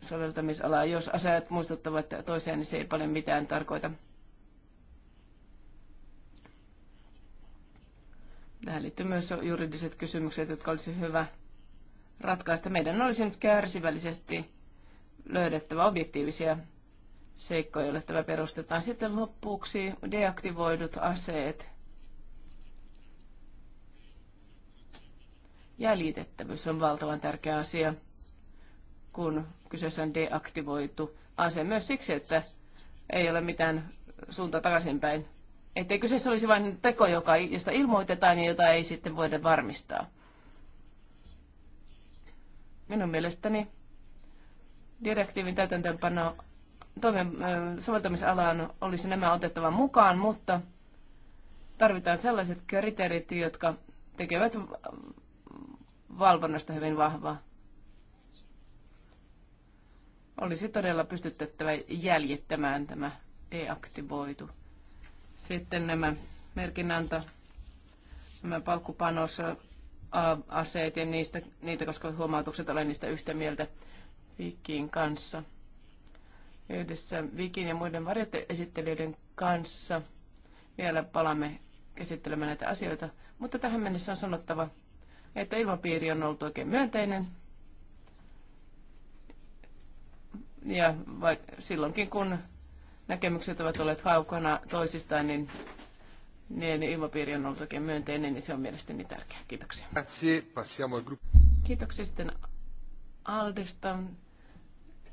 soveltamisalaa. Jos aseet muistuttavat toiseen, niin se ei paljon mitään tarkoita. Tähän liittyy myös juridiset kysymykset, jotka olisi hyvä ratkaista. Meidän olisi nyt kärsivällisesti löydettävä objektiivisia seikkoja, joille tämä perustetaan. Sitten loppuksi deaktivoidut aseet. Jäljitettävyys on valtavan tärkeä asia, kun kyseessä on deaktivoitu ase. Myös siksi, että ei ole mitään suunta takaisinpäin ettei kyseessä olisi vain teko, joka, josta ilmoitetaan ja jota ei sitten voida varmistaa. Minun mielestäni direktiivin täytäntöönpano toimen soveltamisalaan olisi nämä otettava mukaan, mutta tarvitaan sellaiset kriteerit, jotka tekevät valvonnasta hyvin vahvaa. Olisi todella pystyttävä jäljittämään tämä deaktivoitu sitten nämä merkinnäntä, nämä paukkupanos aseet ja niistä, niitä koskevat huomautukset, olen niistä yhtä mieltä Vikin kanssa. Yhdessä Vikin ja muiden varjoesittelijöiden kanssa vielä palaamme käsittelemään näitä asioita, mutta tähän mennessä on sanottava, että ilmapiiri on ollut oikein myönteinen. Ja silloinkin kun näkemykset ovat olleet kaukana toisistaan, niin niin ilmapiiri on ollut oikein myönteinen, niin se on mielestäni niin tärkeää. Kiitoksia. Kiitoksia sitten Aldesta.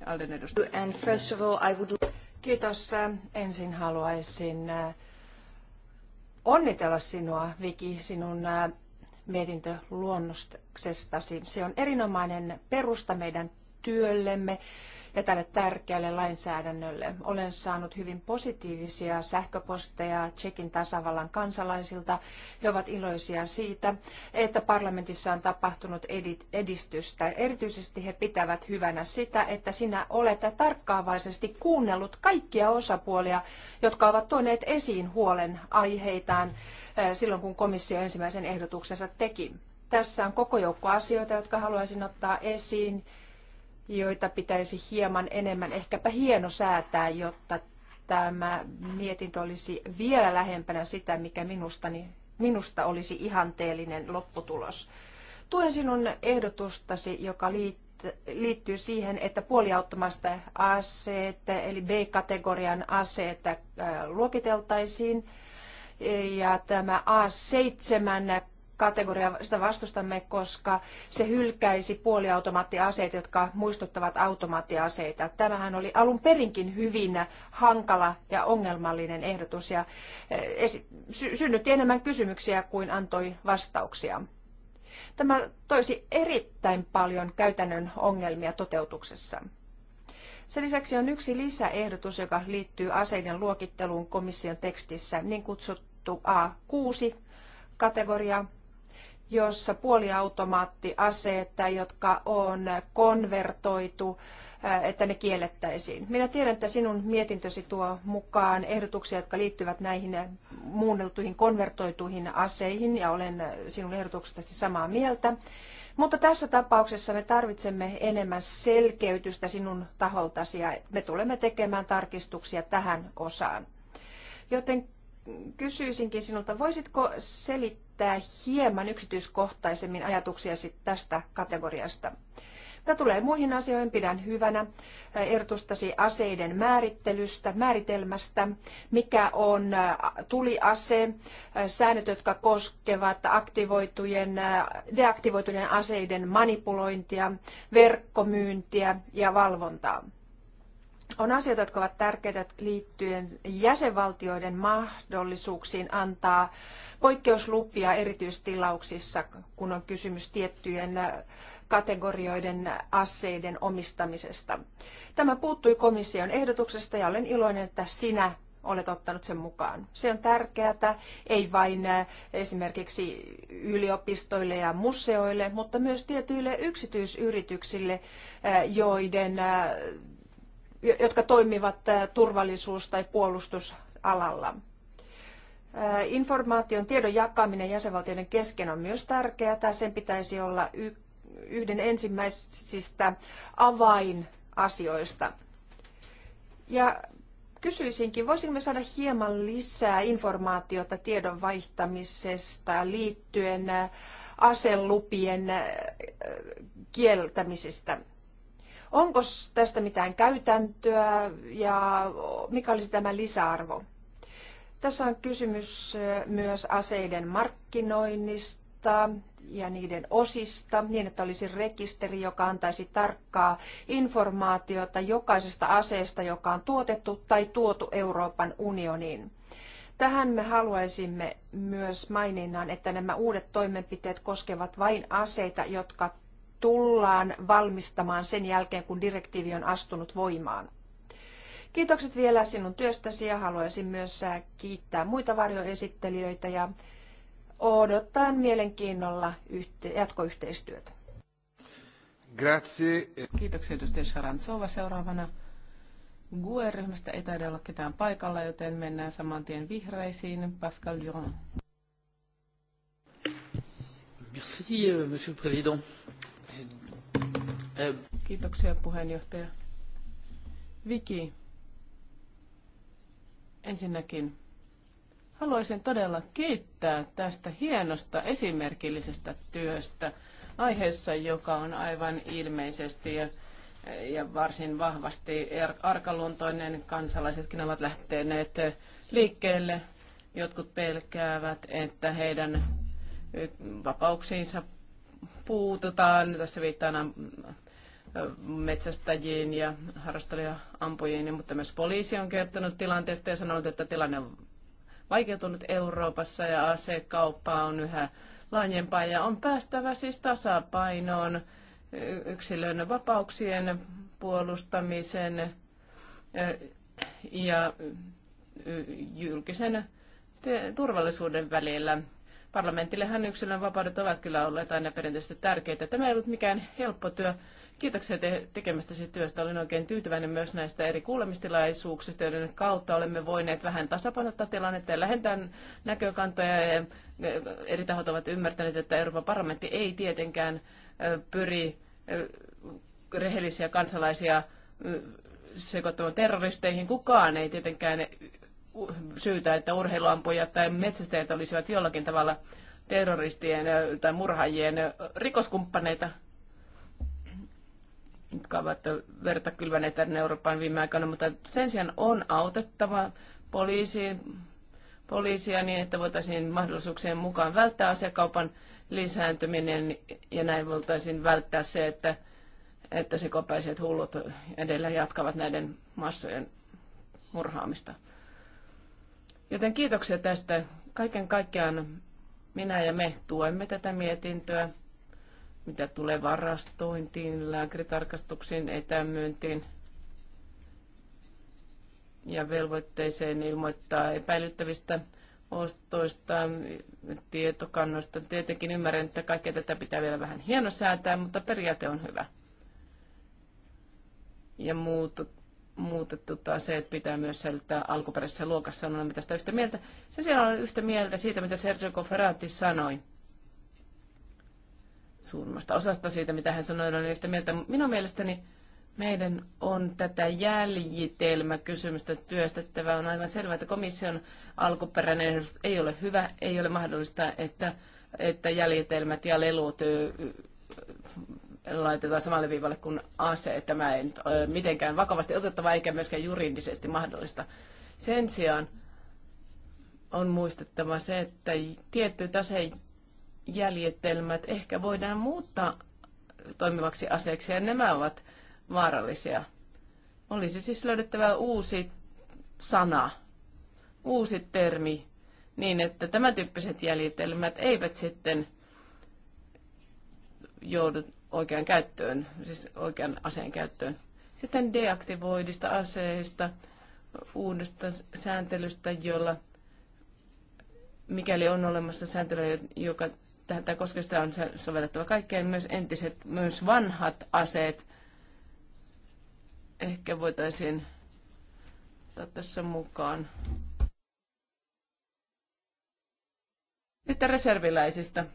Alden edustaja. And first of all, I would... Kiitos. Ensin haluaisin äh, onnitella sinua, Viki, sinun äh, mietintöluonnoksestasi. Se on erinomainen perusta meidän työllemme ja tälle tärkeälle lainsäädännölle. Olen saanut hyvin positiivisia sähköposteja Tsekin tasavallan kansalaisilta. He ovat iloisia siitä, että parlamentissa on tapahtunut edistystä. Erityisesti he pitävät hyvänä sitä, että sinä olet tarkkaavaisesti kuunnellut kaikkia osapuolia, jotka ovat tuoneet esiin huolen aiheitaan eh, silloin, kun komissio ensimmäisen ehdotuksensa teki. Tässä on koko joukko asioita, jotka haluaisin ottaa esiin joita pitäisi hieman enemmän ehkäpä hieno säätää, jotta tämä mietintö olisi vielä lähempänä sitä, mikä minusta niin olisi ihanteellinen lopputulos. Tuen sinun ehdotustasi, joka liittyy siihen, että puoliautomasta aseet, eli B-kategorian aseet äh, luokiteltaisiin, ja tämä A7 kategoriaa sitä vastustamme, koska se hylkäisi puoliautomaattiaseet, jotka muistuttavat automaattiaseita. Tämähän oli alun perinkin hyvin hankala ja ongelmallinen ehdotus ja eh, synnytti enemmän kysymyksiä kuin antoi vastauksia. Tämä toisi erittäin paljon käytännön ongelmia toteutuksessa. Sen lisäksi on yksi lisäehdotus, joka liittyy aseiden luokitteluun komission tekstissä, niin kutsuttu A6-kategoria, jossa puoliautomaattiaseet, jotka on konvertoitu, että ne kiellettäisiin. Minä tiedän, että sinun mietintösi tuo mukaan ehdotuksia, jotka liittyvät näihin muunneltuihin konvertoituihin aseihin, ja olen sinun ehdotuksestasi samaa mieltä. Mutta tässä tapauksessa me tarvitsemme enemmän selkeytystä sinun taholtasi, ja me tulemme tekemään tarkistuksia tähän osaan. Joten kysyisinkin sinulta, voisitko selittää, esittää hieman yksityiskohtaisemmin ajatuksia tästä kategoriasta. Mitä tulee muihin asioihin, pidän hyvänä ehdotustasi aseiden määrittelystä, määritelmästä, mikä on tuliase, säännöt, jotka koskevat aktivoitujen, deaktivoitujen aseiden manipulointia, verkkomyyntiä ja valvontaa on asioita, jotka ovat tärkeitä liittyen jäsenvaltioiden mahdollisuuksiin antaa poikkeuslupia erityistilauksissa, kun on kysymys tiettyjen äh, kategorioiden äh, asseiden omistamisesta. Tämä puuttui komission ehdotuksesta ja olen iloinen, että sinä olet ottanut sen mukaan. Se on tärkeää, ei vain äh, esimerkiksi yliopistoille ja museoille, mutta myös tietyille yksityisyrityksille, joiden jotka toimivat turvallisuus- tai puolustusalalla. Informaation tiedon jakaminen jäsenvaltioiden kesken on myös tärkeää. Sen pitäisi olla yhden ensimmäisistä avainasioista. Ja kysyisinkin, voisimme me saada hieman lisää informaatiota tiedon vaihtamisesta liittyen aselupien kieltämisistä? Onko tästä mitään käytäntöä ja mikä olisi tämä lisäarvo? Tässä on kysymys eh, myös aseiden markkinoinnista ja niiden osista, niin että olisi rekisteri, joka antaisi tarkkaa informaatiota jokaisesta aseesta, joka on tuotettu tai tuotu Euroopan unioniin. Tähän me haluaisimme myös maininnan, että nämä uudet toimenpiteet koskevat vain aseita, jotka tullaan valmistamaan sen jälkeen, kun direktiivi on astunut voimaan. Kiitokset vielä sinun työstäsi ja haluaisin myös äh, kiittää muita varjoesittelijöitä ja odottaen mielenkiinnolla jatkoyhteistyötä. Grazie. Kiitoksia edustaja Sharantsova. Seuraavana GUE-ryhmästä ei taida olla ketään paikalla, joten mennään saman tien vihreisiin. Pascal Durand. Merci, euh, monsieur le président. Kiitoksia puheenjohtaja. Viki, ensinnäkin haluaisin todella kiittää tästä hienosta esimerkillisestä työstä aiheessa, joka on aivan ilmeisesti ja, ja varsin vahvasti er-, arkaluontoinen. Kansalaisetkin ovat lähteneet liikkeelle. Jotkut pelkäävät, että heidän vapauksiinsa puututaan. Tässä viittaan metsästäjiin ja harrastelija ampujiin, niin mutta myös poliisi on kertonut tilanteesta ja sanonut, että tilanne on vaikeutunut Euroopassa ja asekauppa on yhä laajempaa ja on päästävä siis tasapainoon yksilön vapauksien puolustamisen ja julkisen turvallisuuden välillä. Parlamentillehan yksilön vapaudet ovat kyllä olleet aina perinteisesti tärkeitä. Tämä ei ollut mikään helppo työ. Kiitoksia te- tekemästäsi työstä. Olen oikein tyytyväinen myös näistä eri kuulemistilaisuuksista, joiden kautta olemme voineet vähän tasapainottaa tilannetta ja lähentää näkökantoja. Ja eh, eri tahot ovat ymmärtäneet, että Euroopan parlamentti ei tietenkään eh, pyri eh, rehellisiä kansalaisia sekoittamaan terroristeihin. Kukaan ei tietenkään syytä, että urheiluampujat tai metsästäjät olisivat jollakin tavalla terroristien tai murhaajien rikoskumppaneita jotka ovat verta kylväneet tänne Euroopan viime aikoina, mutta sen sijaan on autettava poliisi, poliisia niin, että voitaisiin mahdollisuuksien mukaan välttää asiakaupan lisääntyminen ja näin voitaisiin välttää se, että, että sekopäiset hullut edellä jatkavat näiden massojen murhaamista. Joten kiitoksia tästä. Kaiken kaikkiaan minä ja me tuemme tätä mietintöä mitä tulee varastointiin, lääkäritarkastuksiin, etämyyntiin ja velvoitteeseen ilmoittaa epäilyttävistä ostoista, tietokannoista. Tietenkin ymmärrän, että kaikkea tätä pitää vielä vähän hienosäätää, mutta periaate on hyvä. Ja muut, muutettu taas se, että pitää myös selittää alkuperäisessä luokassa, mitä sitä yhtä mieltä. Se siellä on yhtä mieltä siitä, mitä Sergio Ferrati sanoi suurimmasta osasta siitä, mitä hän sanoi, on niistä mieltä. Minun mielestäni meidän on tätä jäljitelmäkysymystä työstettävä. On aivan selvää, että komission alkuperäinen ehdotus ei ole hyvä, ei ole mahdollista, että, että jäljitelmät ja lelut laitetaan samalle viivalle kuin ase. Tämä ei nyt ole mitenkään vakavasti otettava eikä myöskään juridisesti mahdollista. Sen sijaan on muistettava se, että tietty tase jäljittelmät ehkä voidaan muuttaa toimivaksi aseeksi ja nämä ovat vaarallisia. Olisi siis löydettävä uusi sana, uusi termi, niin että tämän tyyppiset jäljitelmät eivät sitten joudu oikean käyttöön, siis oikean aseen käyttöön. Sitten deaktivoidista aseista, uudesta sääntelystä, jolla mikäli on olemassa sääntelyä, joka tätä, koska sitä on sovellettava kaikkeen, myös entiset, myös vanhat aseet. Ehkä voitaisiin ottaa tässä mukaan. Sitten reserviläisistä.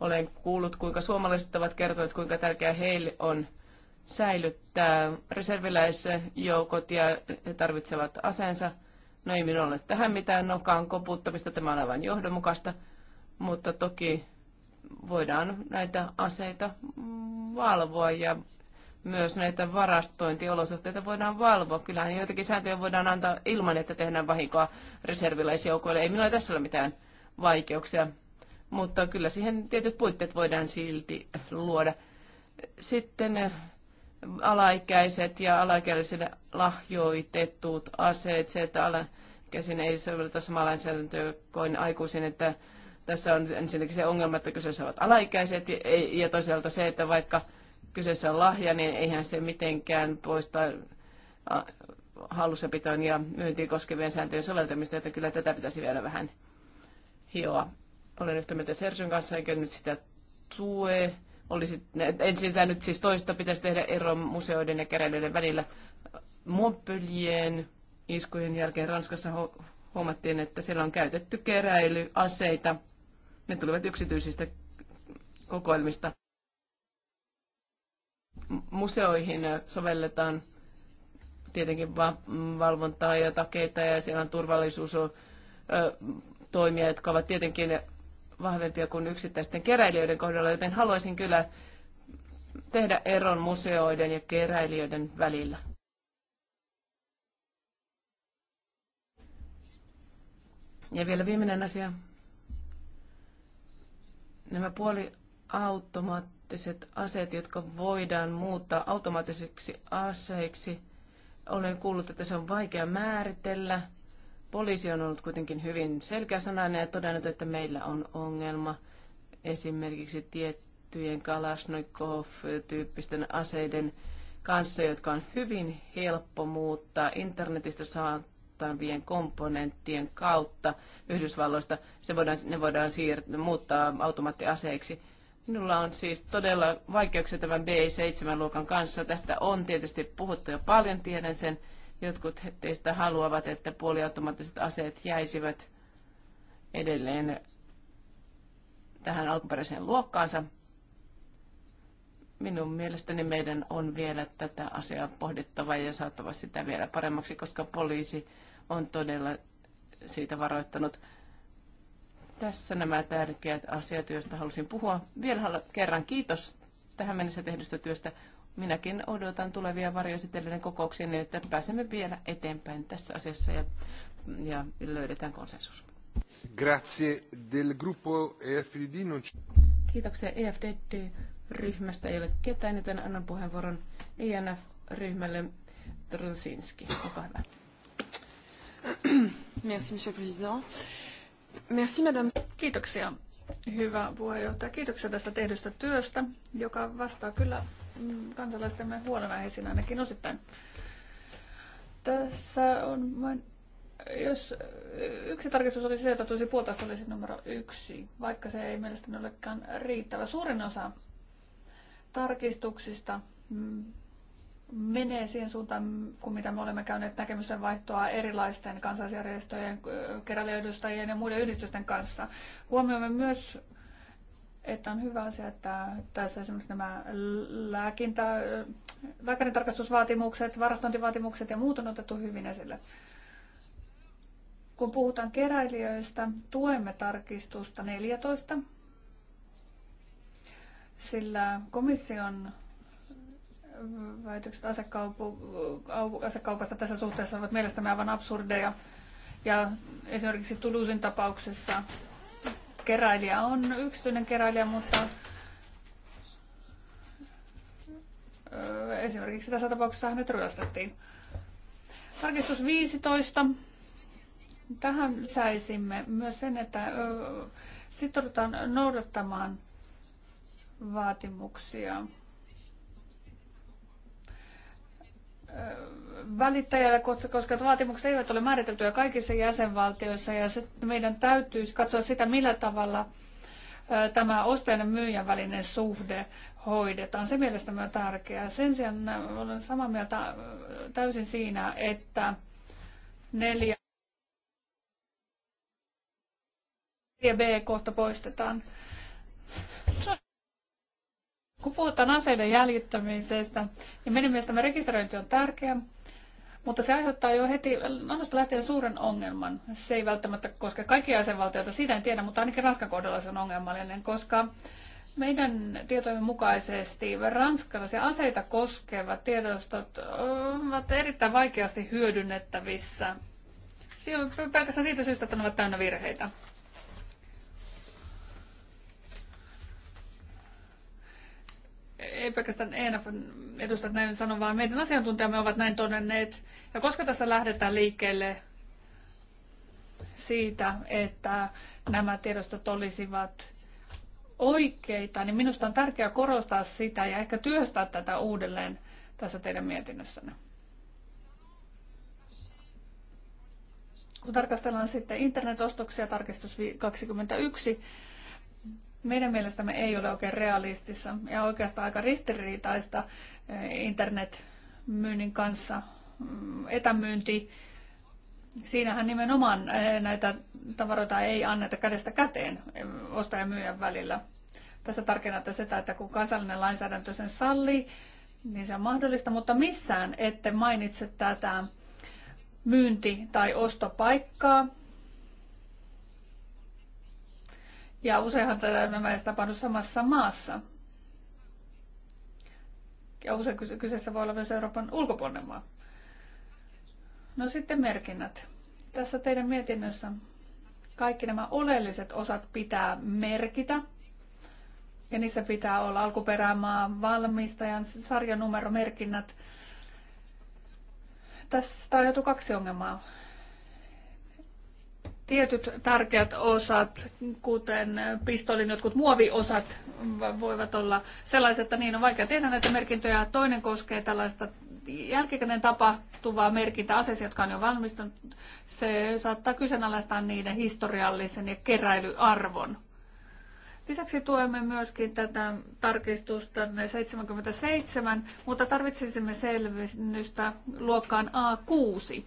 Olen kuullut, kuinka suomalaiset ovat kertoneet, kuinka tärkeää heille on säilyttää reserviläisjoukot ja he tarvitsevat aseensa. No ei minulla ole tähän mitään nokaan koputtamista, tämä on aivan johdonmukaista mutta toki voidaan näitä aseita valvoa ja myös näitä varastointiolosuhteita voidaan valvoa. Kyllähän joitakin sääntöjä voidaan antaa ilman, että tehdään vahinkoa reservilaisjoukoille. Ei minulla tässä ole mitään vaikeuksia, mutta kyllä siihen tietyt puitteet voidaan silti luoda. Sitten eh, alaikäiset ja alaikäisille lahjoitetut aseet, se, että alaikäisen ei sovelleta samanlainsäädäntöä kuin aikuisin että tässä on ensinnäkin se ongelma, että kyseessä ovat alaikäiset ja toisaalta se, että vaikka kyseessä on lahja, niin eihän se mitenkään poista hallussapitoon ja myyntiin koskevien sääntöjen soveltamista, että kyllä tätä pitäisi vielä vähän hioa. Olen yhtä mieltä Sersun kanssa, enkä nyt sitä tue. Olisi, en sitä nyt siis toista pitäisi tehdä ero museoiden ja keräilijöiden välillä. Montpellierin iskujen jälkeen Ranskassa huomattiin, että siellä on käytetty keräilyaseita – ne tulivat yksityisistä kokoelmista. Museoihin sovelletaan tietenkin valvontaa ja takeita ja siellä on turvallisuustoimia, jotka ovat tietenkin vahvempia kuin yksittäisten keräilijöiden kohdalla, joten haluaisin kyllä tehdä eron museoiden ja keräilijöiden välillä. Ja vielä viimeinen asia. Nämä puoliautomaattiset aseet, jotka voidaan muuttaa automaattisiksi aseiksi, olen kuullut, että se on vaikea määritellä. Poliisi on ollut kuitenkin hyvin selkeäsanainen ja todennut, että meillä on ongelma esimerkiksi tiettyjen Kalashnikov-tyyppisten aseiden kanssa, jotka on hyvin helppo muuttaa. Internetistä saa vaikuttavien komponenttien kautta Yhdysvalloista. Se voidaan, ne voidaan siirtää, muuttaa automaattiaseiksi. Minulla on siis todella vaikeuksia tämän B7-luokan kanssa. Tästä on tietysti puhuttu jo paljon, tiedän sen. Jotkut teistä haluavat, että puoliautomaattiset aseet jäisivät edelleen tähän alkuperäiseen luokkaansa. Minun mielestäni meidän on vielä tätä asiaa pohdittava ja saatava sitä vielä paremmaksi, koska poliisi on todella siitä varoittanut. Tässä nämä tärkeät asiat, joista halusin puhua. Vielä kerran kiitos tähän mennessä tehdystä työstä. Minäkin odotan tulevia varjoesitellinen kokouksiin, niin että pääsemme vielä eteenpäin tässä asiassa ja, ja löydetään konsensus. Grazie del gruppo EFDD. Non... Kiitoksia EFDD-ryhmästä. Ei ole ketään, joten annan puheenvuoron inf e ryhmälle Trusinski. Olkaa hyvä. Merci, monsieur président. Merci, madame. Kiitoksia, hyvä puheenjohtaja. Kiitoksia tästä tehdystä työstä, joka vastaa kyllä mm, kansalaistemme huolenaiheisiin ainakin osittain. Tässä on vain jos yksi tarkistus oli se, että tulisi puolta, se olisi numero yksi, vaikka se ei mielestäni olekaan riittävä. Suurin osa tarkistuksista mm, menee siihen suuntaan, kun mitä me olemme käyneet näkemysten vaihtoa erilaisten kansalaisjärjestöjen, keräilijöiden ja muiden yhdistysten kanssa. Huomioimme myös, että on hyvä asia, että tässä esimerkiksi nämä lääkintä, lääkärintarkastusvaatimukset, varastointivaatimukset ja muut on otettu hyvin esille. Kun puhutaan keräilijöistä, tuemme tarkistusta 14, sillä komission väitykset asekaupasta tässä suhteessa ovat mielestäni aivan absurdeja. Ja esimerkiksi Tuluusin tapauksessa keräilijä on yksityinen keräilijä, mutta esimerkiksi tässä tapauksessa hänet ryöstettiin. Tarkistus 15. Tähän lisäisimme myös sen, että sitoudutaan noudattamaan vaatimuksia välittäjälle, koska vaatimukset eivät ole määriteltyjä kaikissa jäsenvaltioissa ja meidän täytyisi katsoa sitä, millä tavalla tämä ostajan ja myyjän välinen suhde hoidetaan. Se mielestäni on tärkeää. Sen sijaan olen samaa mieltä täysin siinä, että neljä B kohta poistetaan. Kun puhutaan aseiden jäljittämisestä, niin meidän mielestämme rekisteröinti on tärkeä, mutta se aiheuttaa jo heti alusta lähtien suuren ongelman. Se ei välttämättä koske kaikkia jäsenvaltioita, siitä en tiedä, mutta ainakin Ranskan kohdalla se on ongelmallinen, koska meidän tietojen mukaisesti ranskalaisia aseita koskevat tiedostot ovat erittäin vaikeasti hyödynnettävissä. Siis pelkästään siitä syystä, että ne ovat täynnä virheitä. ei pelkästään ENFn edustajat näin sano, vaan meidän asiantuntijamme ovat näin todenneet. Ja koska tässä lähdetään liikkeelle siitä, että nämä tiedostot olisivat oikeita, niin minusta on tärkeää korostaa sitä ja ehkä työstää tätä uudelleen tässä teidän mietinnössänne. Kun tarkastellaan sitten internetostoksia, tarkistus 21, meidän mielestämme ei ole oikein realistissa ja oikeastaan aika ristiriitaista eh, internetmyynnin kanssa mm, etämyynti. Siinähän nimenomaan eh, näitä tavaroita ei anneta kädestä käteen eh, ostajan ja myyjän välillä. Tässä tarkennatte sitä, että kun kansallinen lainsäädäntö sen sallii, niin se on mahdollista, mutta missään ette mainitse tätä myynti- tai ostopaikkaa Ja useinhan nämä eivät tapahdu samassa maassa. Ja usein kyseessä voi olla myös Euroopan ulkopuolinen maa. No sitten merkinnät. Tässä teidän mietinnössä kaikki nämä oleelliset osat pitää merkitä. Ja niissä pitää olla alkuperämaa, valmistajan, merkinnät. Tästä on joutu kaksi ongelmaa. Tietyt tärkeät osat, kuten pistolin jotkut muoviosat, voivat olla sellaiset, että niin on vaikea tehdä näitä merkintöjä. Toinen koskee tällaista jälkikäteen tapahtuvaa merkintä aseisiin, jotka on jo valmistunut. Se saattaa kyseenalaistaa niiden historiallisen ja keräilyarvon. Lisäksi tuemme myöskin tätä tarkistusta 77, mutta tarvitsisimme selvennystä luokkaan A6.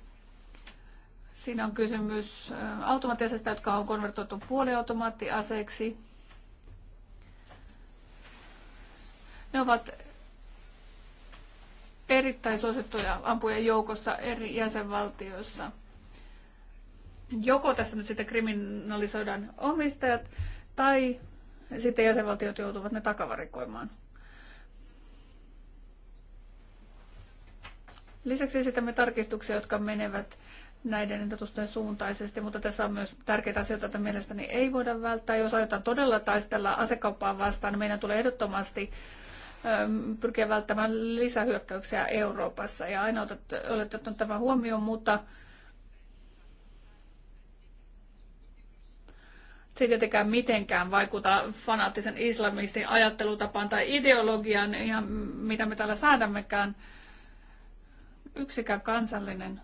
Siinä on kysymys automaattisesta, jotka on konvertoitu puoliautomaattiaseeksi. Ne ovat erittäin suosittuja ampujen joukossa eri jäsenvaltioissa. Joko tässä nyt sitten kriminalisoidaan omistajat tai sitten jäsenvaltiot joutuvat ne takavarikoimaan. Lisäksi esitämme tarkistuksia, jotka menevät näiden ehdotusten suuntaisesti, mutta tässä on myös tärkeitä asioita, joita mielestäni ei voida välttää. Jos aiotaan todella taistella asekauppaa vastaan, niin meidän tulee ehdottomasti pyrkiä välttämään lisähyökkäyksiä Euroopassa. Ja aina olette ottanut tämän huomioon, mutta se ei tietenkään mitenkään vaikuta fanaattisen islamistin ajattelutapaan tai ideologiaan, ihan mitä me täällä säädämmekään yksikään kansallinen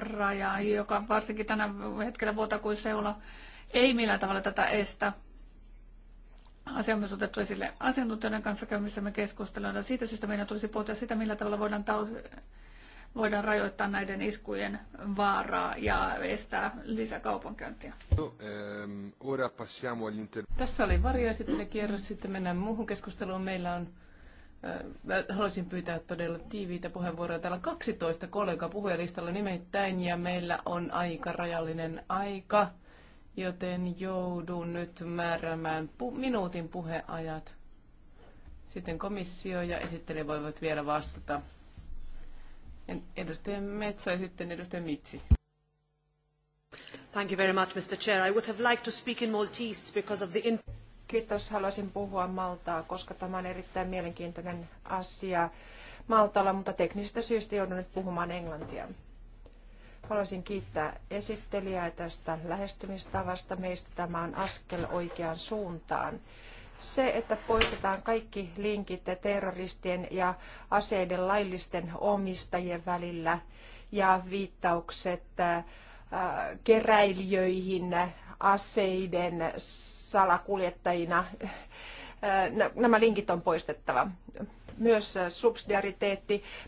raja, joka varsinkin tänä hetkellä vuota kuin seula, ei millään tavalla tätä estä. Asia on myös otettu esille asiantuntijoiden kanssa käymissämme keskusteluina. Siitä syystä meidän tulisi pohtia sitä, millä tavalla voidaan, taus- voidaan rajoittaa näiden iskujen vaaraa ja estää lisäkaupankäyntiä. No, ähm, Tässä oli varjoesittelykierros. sitten mennään muuhun keskusteluun. Meillä on haluaisin pyytää todella tiiviitä puheenvuoroja. Täällä 12 kollega puhujalistalla nimittäin ja meillä on aika rajallinen aika, joten joudun nyt määräämään pu- minuutin puheajat. Sitten komissio ja esittelijä voivat vielä vastata. Edustaja Metsä ja sitten edustaja Mitsi. Thank you very much, Mr. Chair. I would have liked to speak in Maltese because of the... Kiitos. Haluaisin puhua Maltaa, koska tämä on erittäin mielenkiintoinen asia Maltalla, mutta teknisistä syistä joudun nyt puhumaan englantia. Haluaisin kiittää esittelijää tästä lähestymistavasta. Meistä tämä on askel oikeaan suuntaan. Se, että poistetaan kaikki linkit terroristien ja aseiden laillisten omistajien välillä ja viittaukset äh, keräilijöihin, aseiden salakuljettajina. Nämä linkit on poistettava. Myös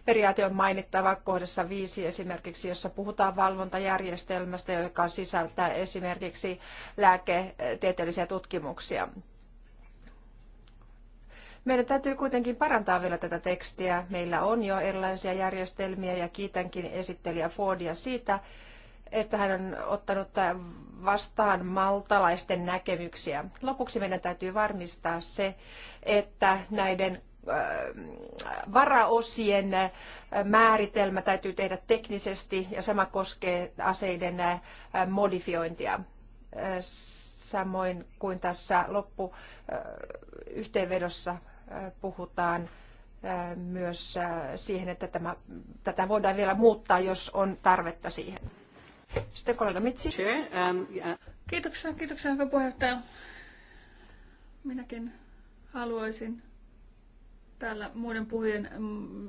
periaate on mainittava kohdassa viisi esimerkiksi, jossa puhutaan valvontajärjestelmästä, joka sisältää esimerkiksi lääketieteellisiä tutkimuksia. Meidän täytyy kuitenkin parantaa vielä tätä tekstiä. Meillä on jo erilaisia järjestelmiä ja kiitänkin esittelijä Fordia siitä, että hän on ottanut vastaan maltalaisten näkemyksiä. Lopuksi meidän täytyy varmistaa se, että näiden äh, varaosien äh, määritelmä täytyy tehdä teknisesti ja sama koskee aseiden äh, modifiointia. Samoin kuin tässä loppuyhteenvedossa puhutaan myös siihen, että tämä, tätä voidaan vielä muuttaa, jos on tarvetta siihen. Sitten kollega Mitsi. Sure, um, yeah. Kiitoksia, kiitoksia hyvä puheenjohtaja. Minäkin haluaisin täällä muiden puhujien mm,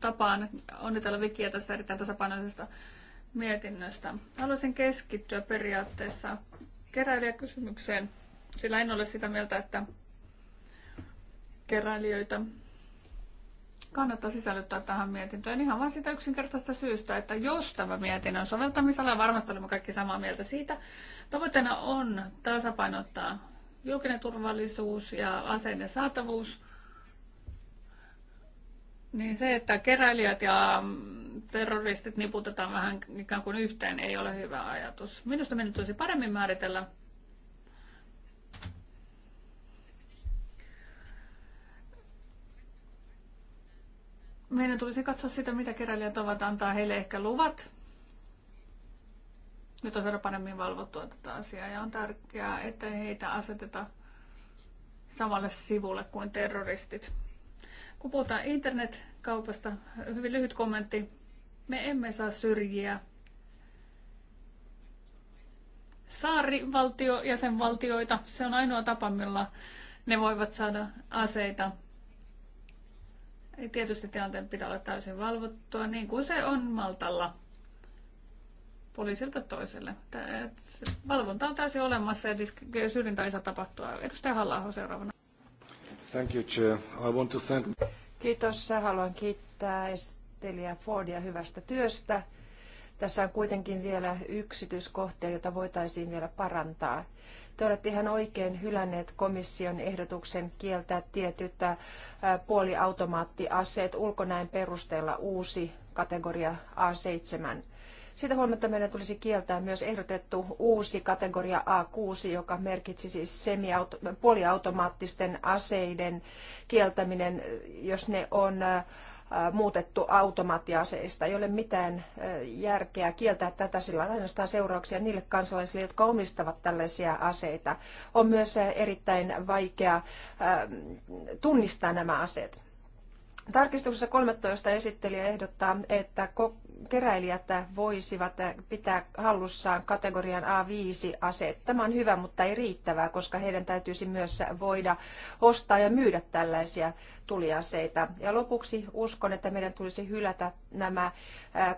tapaan onnitella Vikiä tästä erittäin tasapainoisesta mietinnöstä. Haluaisin keskittyä periaatteessa keräilijäkysymykseen, sillä en ole sitä mieltä, että keräilijöitä kannattaa sisällyttää tähän mietintöön ihan vain sitä yksinkertaista syystä, että jos tämä mietinnön soveltamisala, varmasti olemme kaikki samaa mieltä siitä, tavoitteena on tasapainottaa julkinen turvallisuus ja aseiden saatavuus, niin se, että keräilijät ja terroristit niputetaan vähän ikään kuin yhteen, ei ole hyvä ajatus. Minusta meidän tulisi paremmin määritellä meidän tulisi katsoa sitä, mitä keräilijät ovat antaa heille ehkä luvat. Nyt on saada paremmin valvottua tätä asiaa ja on tärkeää, että heitä aseteta samalle sivulle kuin terroristit. Kun puhutaan internetkaupasta, hyvin lyhyt kommentti. Me emme saa syrjiä saarivaltio, jäsenvaltioita. Se on ainoa tapa, millä ne voivat saada aseita Tietysti tilanteen pitää olla täysin valvottua, niin kuin se on Maltalla poliisilta toiselle. valvonta on täysin olemassa ja syrjintä ei saa tapahtua. Edustaja halla seuraavana. Thank you, Chair. I want to thank... Kiitos. Haluan kiittää esittelijä Fordia hyvästä työstä. Tässä on kuitenkin vielä yksityiskohtia, joita voitaisiin vielä parantaa. Te olette ihan oikein hylänneet komission ehdotuksen kieltää tietyt puoliautomaattiaseet ulkonäön perusteella uusi kategoria A7. Siitä huolimatta meidän tulisi kieltää myös ehdotettu uusi kategoria A6, joka merkitsisi semiauto- puoliautomaattisten aseiden kieltäminen, jos ne on muutettu automaattiaseista. Ei ole mitään järkeä kieltää tätä, sillä on ainoastaan seurauksia niille kansalaisille, jotka omistavat tällaisia aseita. On myös erittäin vaikea tunnistaa nämä aseet. Tarkistuksessa 13 esittelijä ehdottaa, että keräilijät voisivat pitää hallussaan kategorian A5-aseet. Tämä on hyvä, mutta ei riittävää, koska heidän täytyisi myös voida ostaa ja myydä tällaisia tuliaseita. Ja lopuksi uskon, että meidän tulisi hylätä nämä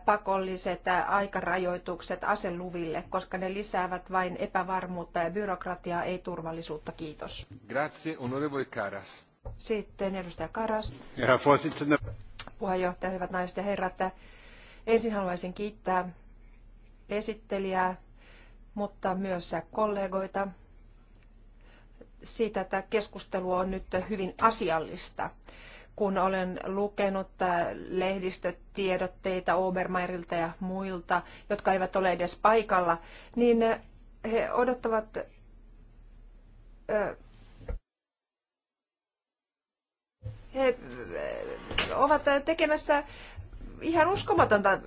pakolliset aikarajoitukset aseluville, koska ne lisäävät vain epävarmuutta ja byrokratiaa, ei turvallisuutta. Kiitos. Grazie, onorevole Karas. Sitten edustaja Karas. Herra puheenjohtaja, hyvät naiset ja herrat. Ensin haluaisin kiittää esittelijää, mutta myös kollegoita siitä, että keskustelu on nyt hyvin asiallista. Kun olen lukenut äh, lehdistötiedotteita Obermeirilta ja muilta, jotka eivät ole edes paikalla, niin äh, he odottavat äh, he ovat tekemässä ihan uskomatonta,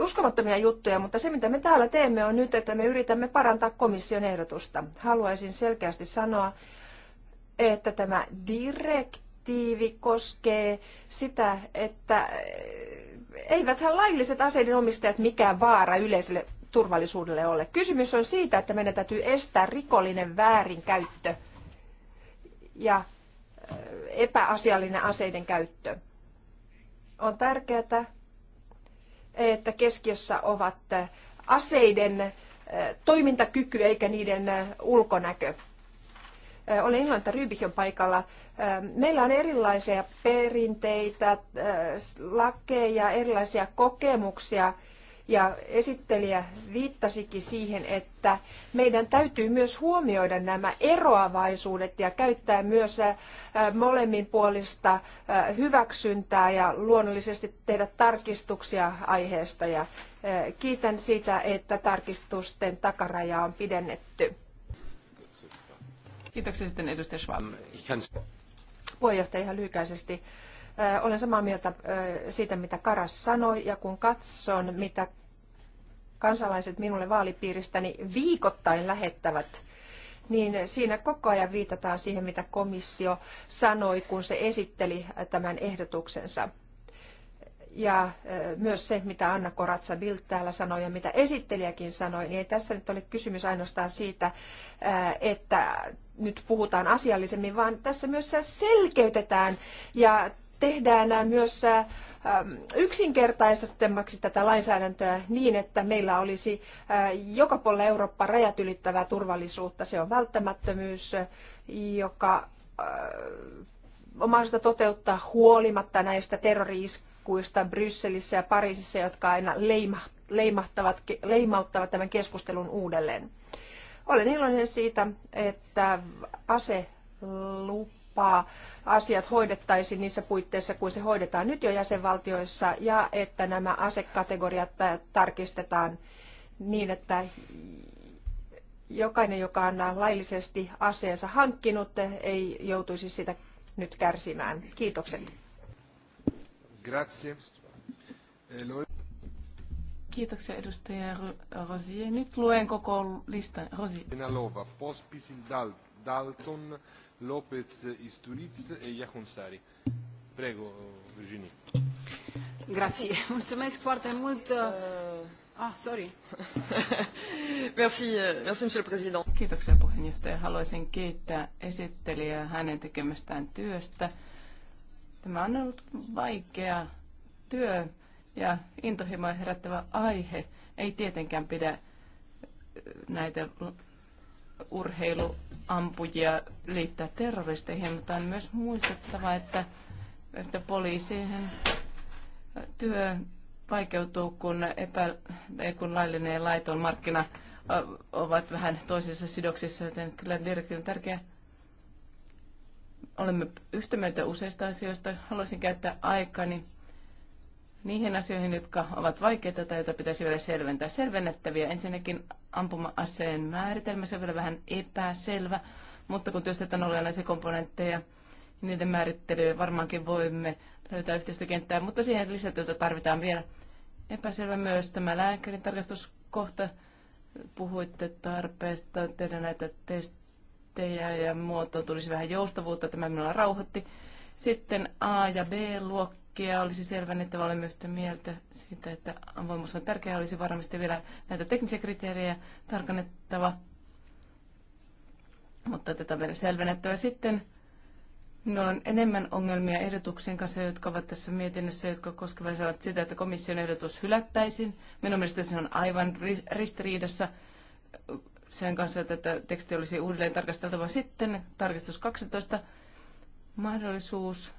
uskomattomia juttuja, mutta se mitä me täällä teemme on nyt, että me yritämme parantaa komission ehdotusta. Haluaisin selkeästi sanoa, että tämä direktiivi koskee sitä, että eiväthän lailliset aseiden omistajat mikään vaara yleiselle turvallisuudelle ole. Kysymys on siitä, että meidän täytyy estää rikollinen väärinkäyttö ja epäasiallinen aseiden käyttö. On tärkeää, että keskiössä ovat aseiden eh, toimintakyky eikä niiden eh, ulkonäkö. Eh, olen iloinen, että paikalla. Meillä on erilaisia perinteitä, lakeja, erilaisia kokemuksia – ja esittelijä viittasikin siihen, että meidän täytyy myös huomioida nämä eroavaisuudet ja käyttää myös äh, molemminpuolista äh, hyväksyntää ja luonnollisesti tehdä tarkistuksia aiheesta. Ja äh, kiitän siitä, että tarkistusten takaraja on pidennetty. Kiitoksia sitten edustaja Schwab. Um, Puheenjohtaja ihan lyhykäisesti olen samaa mieltä siitä, mitä Karas sanoi, ja kun katson, mitä kansalaiset minulle vaalipiiristäni viikoittain lähettävät, niin siinä koko ajan viitataan siihen, mitä komissio sanoi, kun se esitteli tämän ehdotuksensa. Ja myös se, mitä Anna Koratsa Bild täällä sanoi ja mitä esittelijäkin sanoi, niin ei tässä nyt ole kysymys ainoastaan siitä, että nyt puhutaan asiallisemmin, vaan tässä myös selkeytetään ja tehdään myös yksinkertaisemmaksi tätä lainsäädäntöä niin, että meillä olisi joka puolella Eurooppa rajat ylittävää turvallisuutta. Se on välttämättömyys, joka on mahdollista toteuttaa huolimatta näistä terroriiskuista Brysselissä ja Pariisissa, jotka aina leimahtavat, leimauttavat tämän keskustelun uudelleen. Olen iloinen siitä, että aselupa tapaa asiat hoidettaisiin niissä puitteissa, kuin se hoidetaan nyt jo jäsenvaltioissa, ja että nämä asekategoriat tarkistetaan niin, että jokainen, joka on laillisesti aseensa hankkinut, ei joutuisi sitä nyt kärsimään. Kiitokset. Grazie. Kiitoksia edustaja Rosier. Nyt luen koko listan. Rosier. Dalton, López Isturiz e Iaconsari. Prego, Virginie. Grazie. Mulțumesc foarte mult. Ah, sorry. merci, merci, monsieur le président. Kiitoksia puheenjohtaja. Haluaisin kiittää esittelijää hänen tekemästään työstä. Tämä on ollut vaikea työ ja intohimoa herättävä aihe. Ei tietenkään pidä näitä urheiluampujia liittää terroristeihin, mutta on myös muistettava, että, että poliisien työ vaikeutuu, kun, epä, kun laillinen ja laiton markkina ovat vähän toisissa sidoksissa, joten kyllä direktiivi on tärkeä. Olemme yhtä mieltä useista asioista. Haluaisin käyttää aikani niihin asioihin, jotka ovat vaikeita tai joita pitäisi vielä selventää. Selvennettäviä ensinnäkin ampuma-aseen määritelmä, se on vielä vähän epäselvä, mutta kun työstetään olennaisia komponentteja, niiden määrittelyä varmaankin voimme löytää yhteistä kenttää, mutta siihen lisätyötä tarvitaan vielä. Epäselvä myös tämä lääkärin tarkastuskohta. Puhuitte tarpeesta tehdä näitä testejä ja muotoon tulisi vähän joustavuutta, tämä minulla rauhoitti. Sitten A- ja B-luokka kaikkea olisi selvennettävä, niin olemme yhtä mieltä siitä, että avoimuus on tärkeää, olisi varmasti vielä näitä teknisiä kriteerejä tarkennettava, mutta tätä on vielä selvennettävä sitten. Minulla on enemmän ongelmia ehdotuksien kanssa, jotka ovat tässä mietinnössä, jotka koskevat sitä, että komission ehdotus hylättäisiin. Minun mielestäni se on aivan ristiriidassa sen kanssa, että tätä teksti olisi uudelleen tarkasteltava sitten. Tarkistus 12. Mahdollisuus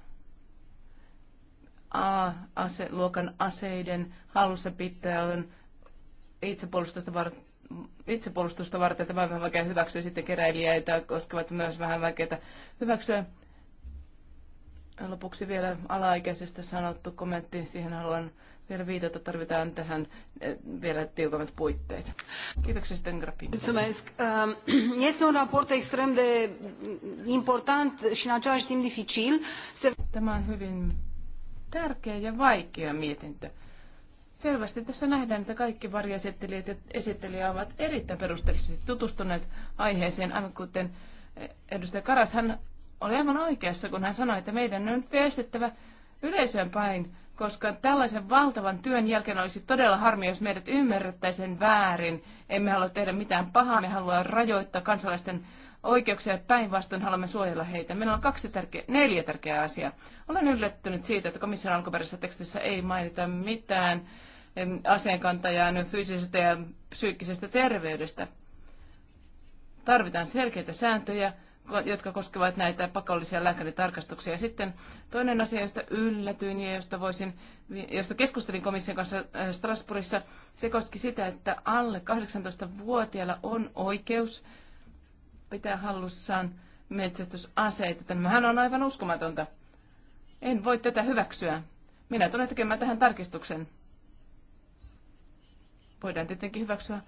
A-luokan aseiden hallussapitoa on itsepuolustusta varten itsepuolustusta varten että vähän vaikea hyväksyä sitten keräilijöitä koskevat myös vähän vaikeita hyväksyä. Lopuksi vielä alaikäisestä sanottu kommentti. Siihen haluan vielä viitata. Tarvitaan tähän eh, vielä tiukemmat puitteet. Kiitoksia sitten Grappin. Mulțumesc. Ehm, este un raport extrem de important și în același timp dificil. Tämä on hyvin tärkeä ja vaikea mietintö. Selvästi tässä nähdään, että kaikki varjoesittelijät ja esittelijä ovat erittäin perusteellisesti tutustuneet aiheeseen, aivan kuten eh, edustaja Karas, hän oli aivan oikeassa, kun hän sanoi, että meidän on viestittävä yleisöön päin, koska tällaisen valtavan työn jälkeen olisi todella harmi, jos meidät ymmärrettäisiin väärin. Emme halua tehdä mitään pahaa, me haluamme rajoittaa kansalaisten oikeuksia, päinvastoin haluamme suojella heitä. Meillä on kaksi tärkeä, neljä tärkeää asiaa. Olen yllättynyt siitä, että komission alkuperäisessä tekstissä ei mainita mitään aseenkantajan no fyysisestä ja psyykkisestä terveydestä. Tarvitaan selkeitä sääntöjä, jotka koskevat näitä pakollisia lääkäritarkastuksia. Sitten toinen asia, josta yllätyin ja josta, voisin, josta keskustelin komission kanssa äh, Strasbourgissa, se koski sitä, että alle 18-vuotiailla on oikeus pitää hallussaan metsästysaseita. Tämähän on aivan uskomatonta. En voi tätä hyväksyä. Minä tulen tekemään tähän tarkistuksen. Voidaan tietenkin hyväksyä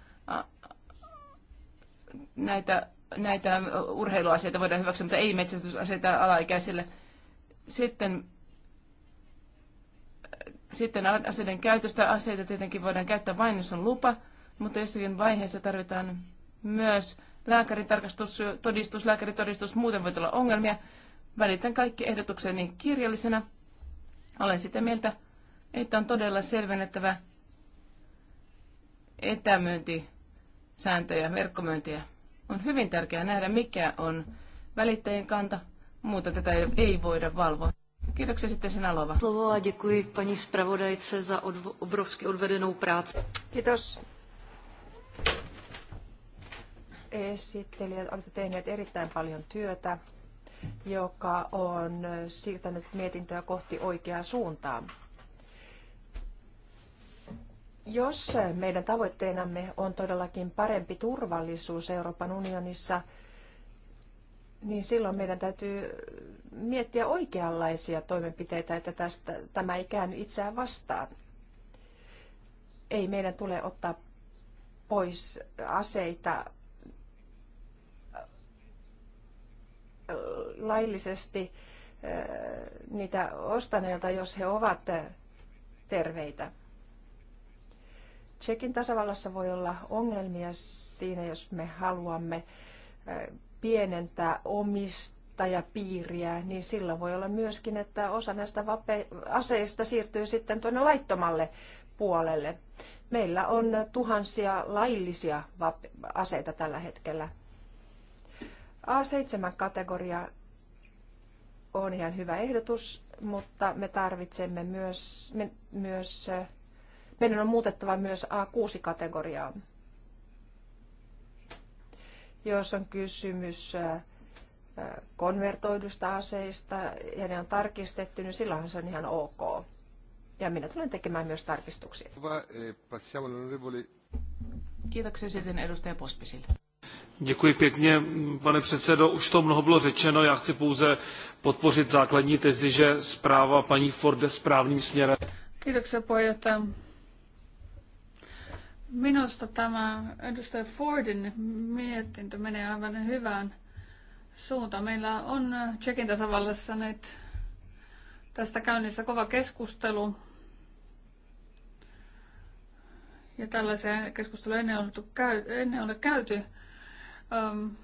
näitä, näitä urheiluaseita, voidaan hyväksyä, mutta ei metsästysaseita alaikäisille. Sitten sitten aseiden käytöstä aseita tietenkin voidaan käyttää vain, jos on lupa, mutta jossakin vaiheessa tarvitaan myös lääkäritarkastus, todistus, lääkäritodistus, muuten voi olla ongelmia. Välitän kaikki ehdotukseni kirjallisena. Olen sitä mieltä, että on todella selvennettävä etämyyntisääntöjä, verkkomyyntiä. On hyvin tärkeää nähdä, mikä on välittäjien kanta. Muuta tätä ei voida valvoa. Kiitoksia sitten sinä lova. Kiitos esittelijät olette tehneet erittäin paljon työtä, joka on siirtänyt mietintöä kohti oikeaa suuntaa. Jos meidän tavoitteenamme on todellakin parempi turvallisuus Euroopan unionissa, niin silloin meidän täytyy miettiä oikeanlaisia toimenpiteitä, että tästä, tämä ei käänny itseään vastaan. Ei meidän tule ottaa pois aseita laillisesti niitä ostaneilta, jos he ovat terveitä. Tsekin tasavallassa voi olla ongelmia siinä, jos me haluamme pienentää omistajapiiriä, niin sillä voi olla myöskin, että osa näistä aseista siirtyy sitten tuonne laittomalle puolelle. Meillä on tuhansia laillisia aseita tällä hetkellä A7-kategoria on ihan hyvä ehdotus, mutta me tarvitsemme myös, me, myös meidän on muutettava myös A6-kategoriaa. Jos on kysymys konvertoidusta aseista ja ne on tarkistettu, niin silloinhan se on ihan ok. Ja minä tulen tekemään myös tarkistuksia. Eh, Kiitoksia sitten edustaja Pospisille pane předsedající Už toho mnoho bylo řečeno, já chci pouze podpořit základní tezi, že zpráva paní Ford jde správným směrem. Kiitoksia Minusta tämä edustaja Fordin mietintö menee aivan hyvään suuntaan. Meillä on Tsekin tasavallassa nyt tästä käynnissä kova keskustelu. Ja tällaisia keskusteluja ennen, ennen ole käyty. Um,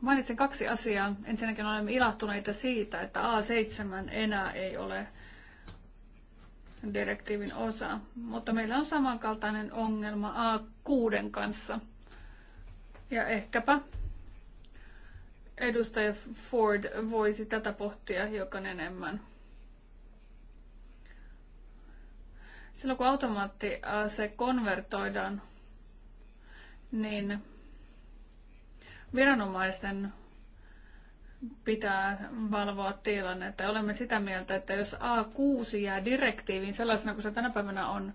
mainitsen kaksi asiaa. Ensinnäkin olemme ilahtuneita siitä, että A7 enää ei ole direktiivin osa, mutta meillä on samankaltainen ongelma A6 kanssa. Ja ehkäpä edustaja Ford voisi tätä pohtia hiukan enemmän. Silloin kun automaattiase konvertoidaan, niin Viranomaisten pitää valvoa tilannetta. Olemme sitä mieltä, että jos A6 jää direktiiviin sellaisena kuin se tänä päivänä on,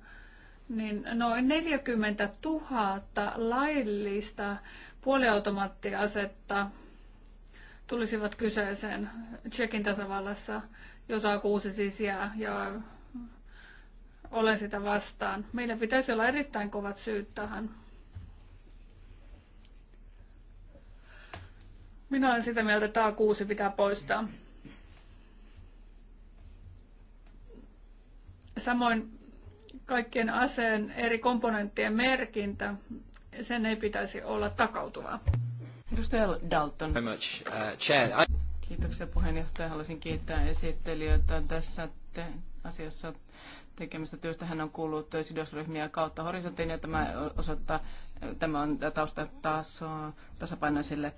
niin noin 40 000 laillista puoliautomaattiasetta tulisivat kyseeseen Tsekin tasavallassa, jos A6 siis jää, ja olen sitä vastaan. Meillä pitäisi olla erittäin kovat syyt tähän. Minä olen sitä mieltä, että A6 pitää poistaa. Samoin kaikkien aseen eri komponenttien merkintä, sen ei pitäisi olla takautuvaa. Edustaja Dalton. much, uh, I... Kiitoksia puheenjohtaja. Haluaisin kiittää esittelijöitä tässä te- asiassa tekemistä työstä. Hän on kuullut sidosryhmiä kautta horisontin ja tämä osoittaa Tämä on tausta taas tasapainoisille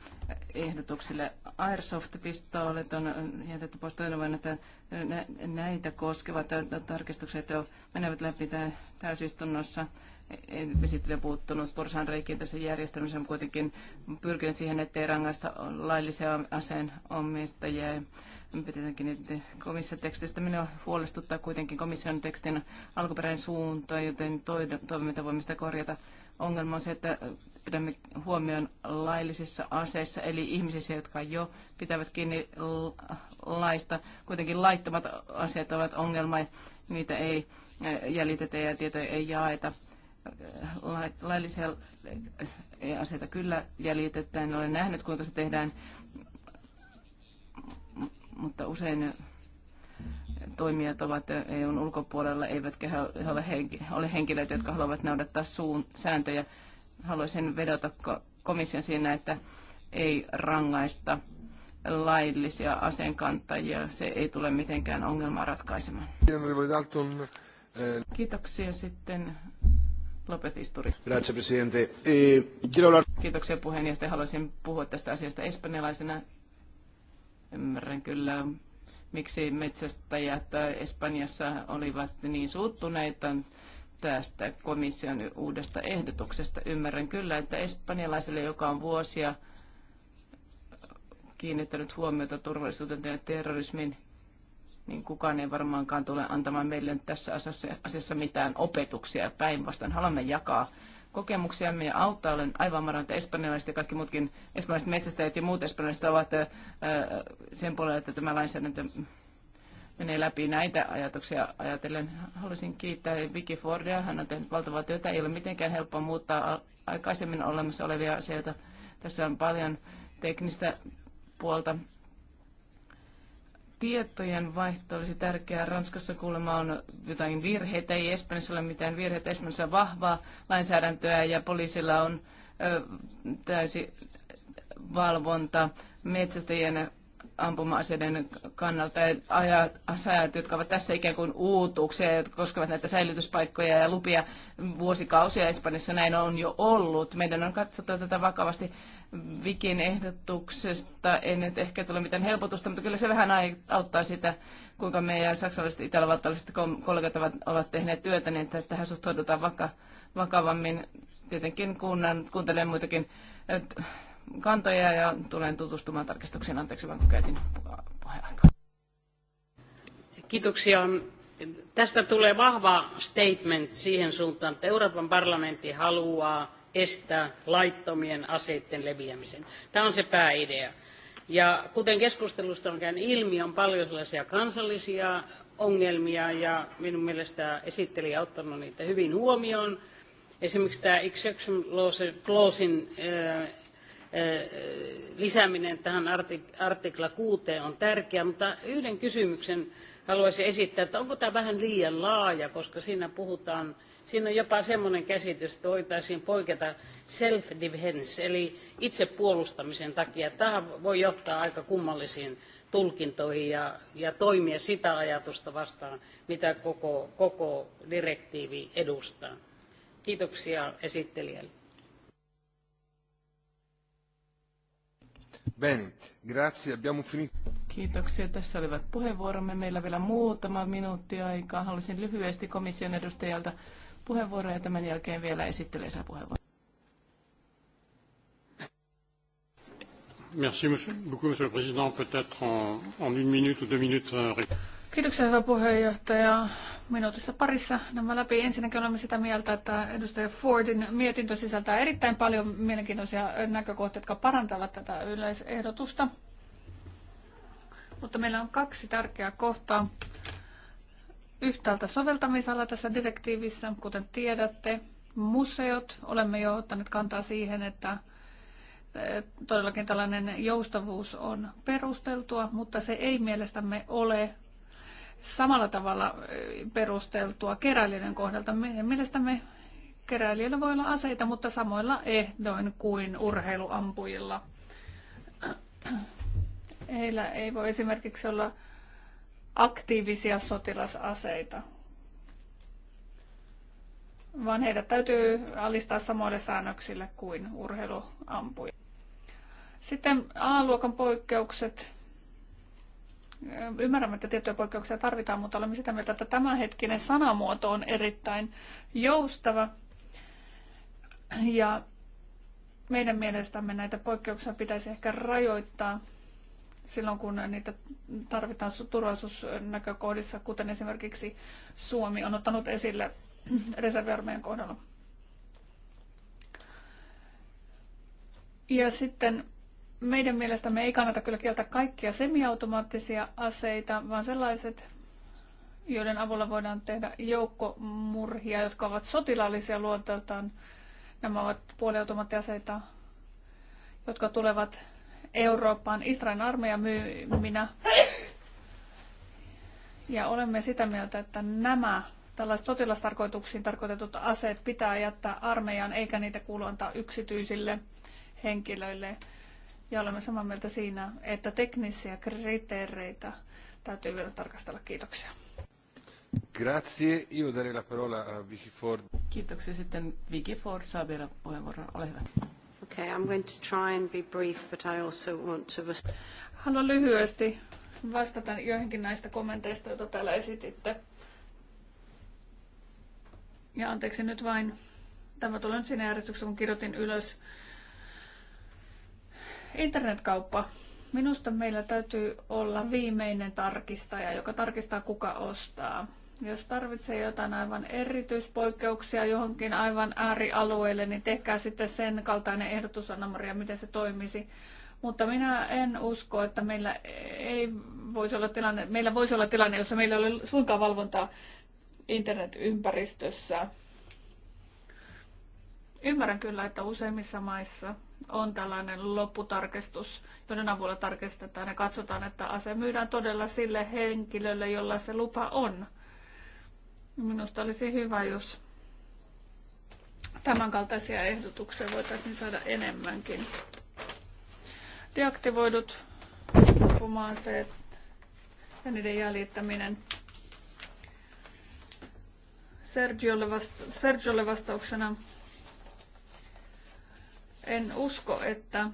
ehdotuksille. Airsoft-pistoolit on jätetty pois toivon, että näitä koskevat tarkistukset jo menevät läpi täysistunnossa. Esittely puuttunut porsaan reikiin tässä järjestelmässä, on kuitenkin pyrkinyt siihen, ettei rangaista laillisia aseen omistajia nyt komission tekstistä. Minua huolestuttaa kuitenkin komission tekstin alkuperäinen suunta, joten toivon, että voimme sitä korjata. Ongelma on se, että pidämme huomioon laillisissa aseissa, eli ihmisissä, jotka jo pitävät kiinni laista. Kuitenkin laittomat asiat ovat ongelma, niitä ei jäljitetä ja tietoja ei jaeta. Laillisia aseita kyllä jäljitetään. Olen nähnyt, kuinka se tehdään mutta usein toimijat ovat EUn ulkopuolella, eivätkä he ole, henki, ole henkilöitä, jotka haluavat noudattaa suun, sääntöjä. Haluaisin vedota komission siinä, että ei rangaista laillisia aseenkantajia. Se ei tule mitenkään ongelmaa ratkaisemaan. Kiitoksia sitten lopetisturi. Grazie, presidente. Eh, Kiitoksia puheenjohtaja. Haluaisin puhua tästä asiasta espanjalaisena Ymmärrän kyllä, miksi metsästäjät Espanjassa olivat niin suuttuneita tästä komission uudesta ehdotuksesta. Ymmärrän kyllä, että espanjalaiselle, joka on vuosia kiinnittänyt huomiota turvallisuuteen ja terrorismiin, niin kukaan ei varmaankaan tule antamaan meille tässä asiassa mitään opetuksia. Päinvastoin haluamme jakaa kokemuksiamme ja auttaa. Olen aivan varma, että espanjalaiset ja kaikki muutkin espanjalaiset metsästäjät ja muut espanjalaiset ovat sen puolella, että tämä lainsäädäntö menee läpi näitä ajatuksia ajatellen. Haluaisin kiittää Vicky Fordia. Hän on tehnyt valtavaa työtä. Ei ole mitenkään helppoa muuttaa aikaisemmin olemassa olevia asioita. Tässä on paljon teknistä puolta tietojen vaihto olisi tärkeää. Ranskassa kuulemma on jotain virheitä, ei Espanjassa ole mitään virheitä. Espanjassa on vahvaa lainsäädäntöä ja poliisilla on ö, täysi valvonta metsästäjien ampuma-aseiden kannalta ja asajat, jotka ovat tässä ikään kuin uutuuksia, jotka koskevat näitä säilytyspaikkoja ja lupia vuosikausia Espanjassa näin on jo ollut. Meidän on katsottu tätä vakavasti. Vikin ehdotuksesta En nyt ehkä tule mitään helpotusta, mutta kyllä se vähän auttaa sitä, kuinka meidän saksalaiset ja itävaltalaiset kollegat ovat, ovat tehneet työtä, niin että tähän suhtaudutaan vaka, vakavammin. Tietenkin kunnan, kuuntelen muitakin kantoja ja tulen tutustumaan tarkistuksiin. Anteeksi vaan, käytin puheenaikaa. Kiitoksia. Tästä tulee vahva statement siihen suuntaan, että Euroopan parlamentti haluaa estää laittomien aseiden leviämisen. Tämä on se pääidea. Ja kuten keskustelusta on käynyt ilmi, on paljon sellaisia kansallisia ongelmia ja minun mielestä esittelijä on ottanut niitä hyvin huomioon. Esimerkiksi tämä exception clausein äh, lisääminen tähän artikla 6 on tärkeä, mutta yhden kysymyksen haluaisin esittää, että onko tämä vähän liian laaja, koska siinä puhutaan, siinä on jopa semmoinen käsitys, että voitaisiin poiketa self-defense, eli itsepuolustamisen takia. Tämä voi johtaa aika kummallisiin tulkintoihin ja, ja toimia sitä ajatusta vastaan, mitä koko, koko direktiivi edustaa. Kiitoksia esittelijälle. Kiitoksia. Tässä olivat puheenvuoromme. Meillä vielä muutama minuutti aikaa. Haluaisin lyhyesti komission edustajalta puheenvuoroja ja tämän jälkeen vielä esittelee saa puheenvuoron. Merci beaucoup, Monsieur le Président. Peut-être en, en une minute ou deux minutes. Euh... Kiitoksia hyvä puheenjohtaja. Minuutissa parissa nämä läpi. Ensinnäkin olemme sitä mieltä, että edustaja Fordin mietintö sisältää erittäin paljon mielenkiintoisia näkökohtia, jotka parantavat tätä yleisehdotusta. Mutta meillä on kaksi tärkeää kohtaa. Yhtäältä soveltamisala tässä direktiivissä, kuten tiedätte, museot. Olemme jo ottaneet kantaa siihen, että todellakin tällainen joustavuus on perusteltua, mutta se ei mielestämme ole samalla tavalla eh, perusteltua keräilijöiden kohdalta. Meidän mielestämme keräilijöillä voi olla aseita, mutta samoilla ehdoin kuin urheiluampujilla. Heillä ei voi esimerkiksi olla aktiivisia sotilasaseita, vaan heidät täytyy alistaa samoille säännöksille kuin urheiluampuja. Sitten A-luokan poikkeukset. Ymmärrämme, että tiettyjä poikkeuksia tarvitaan, mutta olemme sitä mieltä, että tämänhetkinen sanamuoto on erittäin joustava. Ja meidän mielestämme näitä poikkeuksia pitäisi ehkä rajoittaa silloin, kun niitä tarvitaan turvallisuusnäkökohdissa, kuten esimerkiksi Suomi on ottanut esille reserviarmeijan kohdalla. Ja sitten meidän mielestämme ei kannata kyllä kieltää kaikkia semiautomaattisia aseita, vaan sellaiset, joiden avulla voidaan tehdä joukkomurhia, jotka ovat sotilaallisia luonteeltaan. Nämä ovat puoliautomaattiaseita, jotka tulevat Eurooppaan Israelin armeijan myyminä. Ja olemme sitä mieltä, että nämä tällaiset sotilastarkoituksiin tarkoitetut aseet pitää jättää armeijaan, eikä niitä kuulu antaa yksityisille henkilöille ja olemme samaa mieltä siinä, että teknisiä kriteereitä täytyy vielä tarkastella. Kiitoksia. Grazie. Io darei la parola a Vicky Ford. Kiitoksia. Sitten Vicky Ford saa vielä puheenvuoron. Ole hyvä. Okay, I'm going to try and be brief, but I also want to... Haluan lyhyesti vastata joihinkin näistä kommenteista, joita täällä esititte. Ja anteeksi nyt vain, tämä tulee nyt siinä järjestyksessä, kun kirjoitin ylös Internetkauppa. Minusta meillä täytyy olla viimeinen tarkistaja, joka tarkistaa kuka ostaa. Jos tarvitsee jotain aivan erityispoikkeuksia johonkin aivan äärialueelle, niin tehkää sitten sen kaltainen ehdotus, Anna-Maria, miten se toimisi. Mutta minä en usko, että meillä ei voisi olla tilanne, meillä voisi olla tilanne, jossa meillä ei ole suinkaan valvontaa internetympäristössä. Ymmärrän kyllä, että useimmissa maissa on tällainen lopputarkistus, joiden avulla tarkistetaan ja katsotaan, että ase myydään todella sille henkilölle, jolla se lupa on. Minusta olisi hyvä, jos tämänkaltaisia ehdotuksia voitaisiin saada enemmänkin. Deaktivoidut ampuma ja niiden jäljittäminen. Sergiolle, vasta- Sergiolle vastauksena en usko, että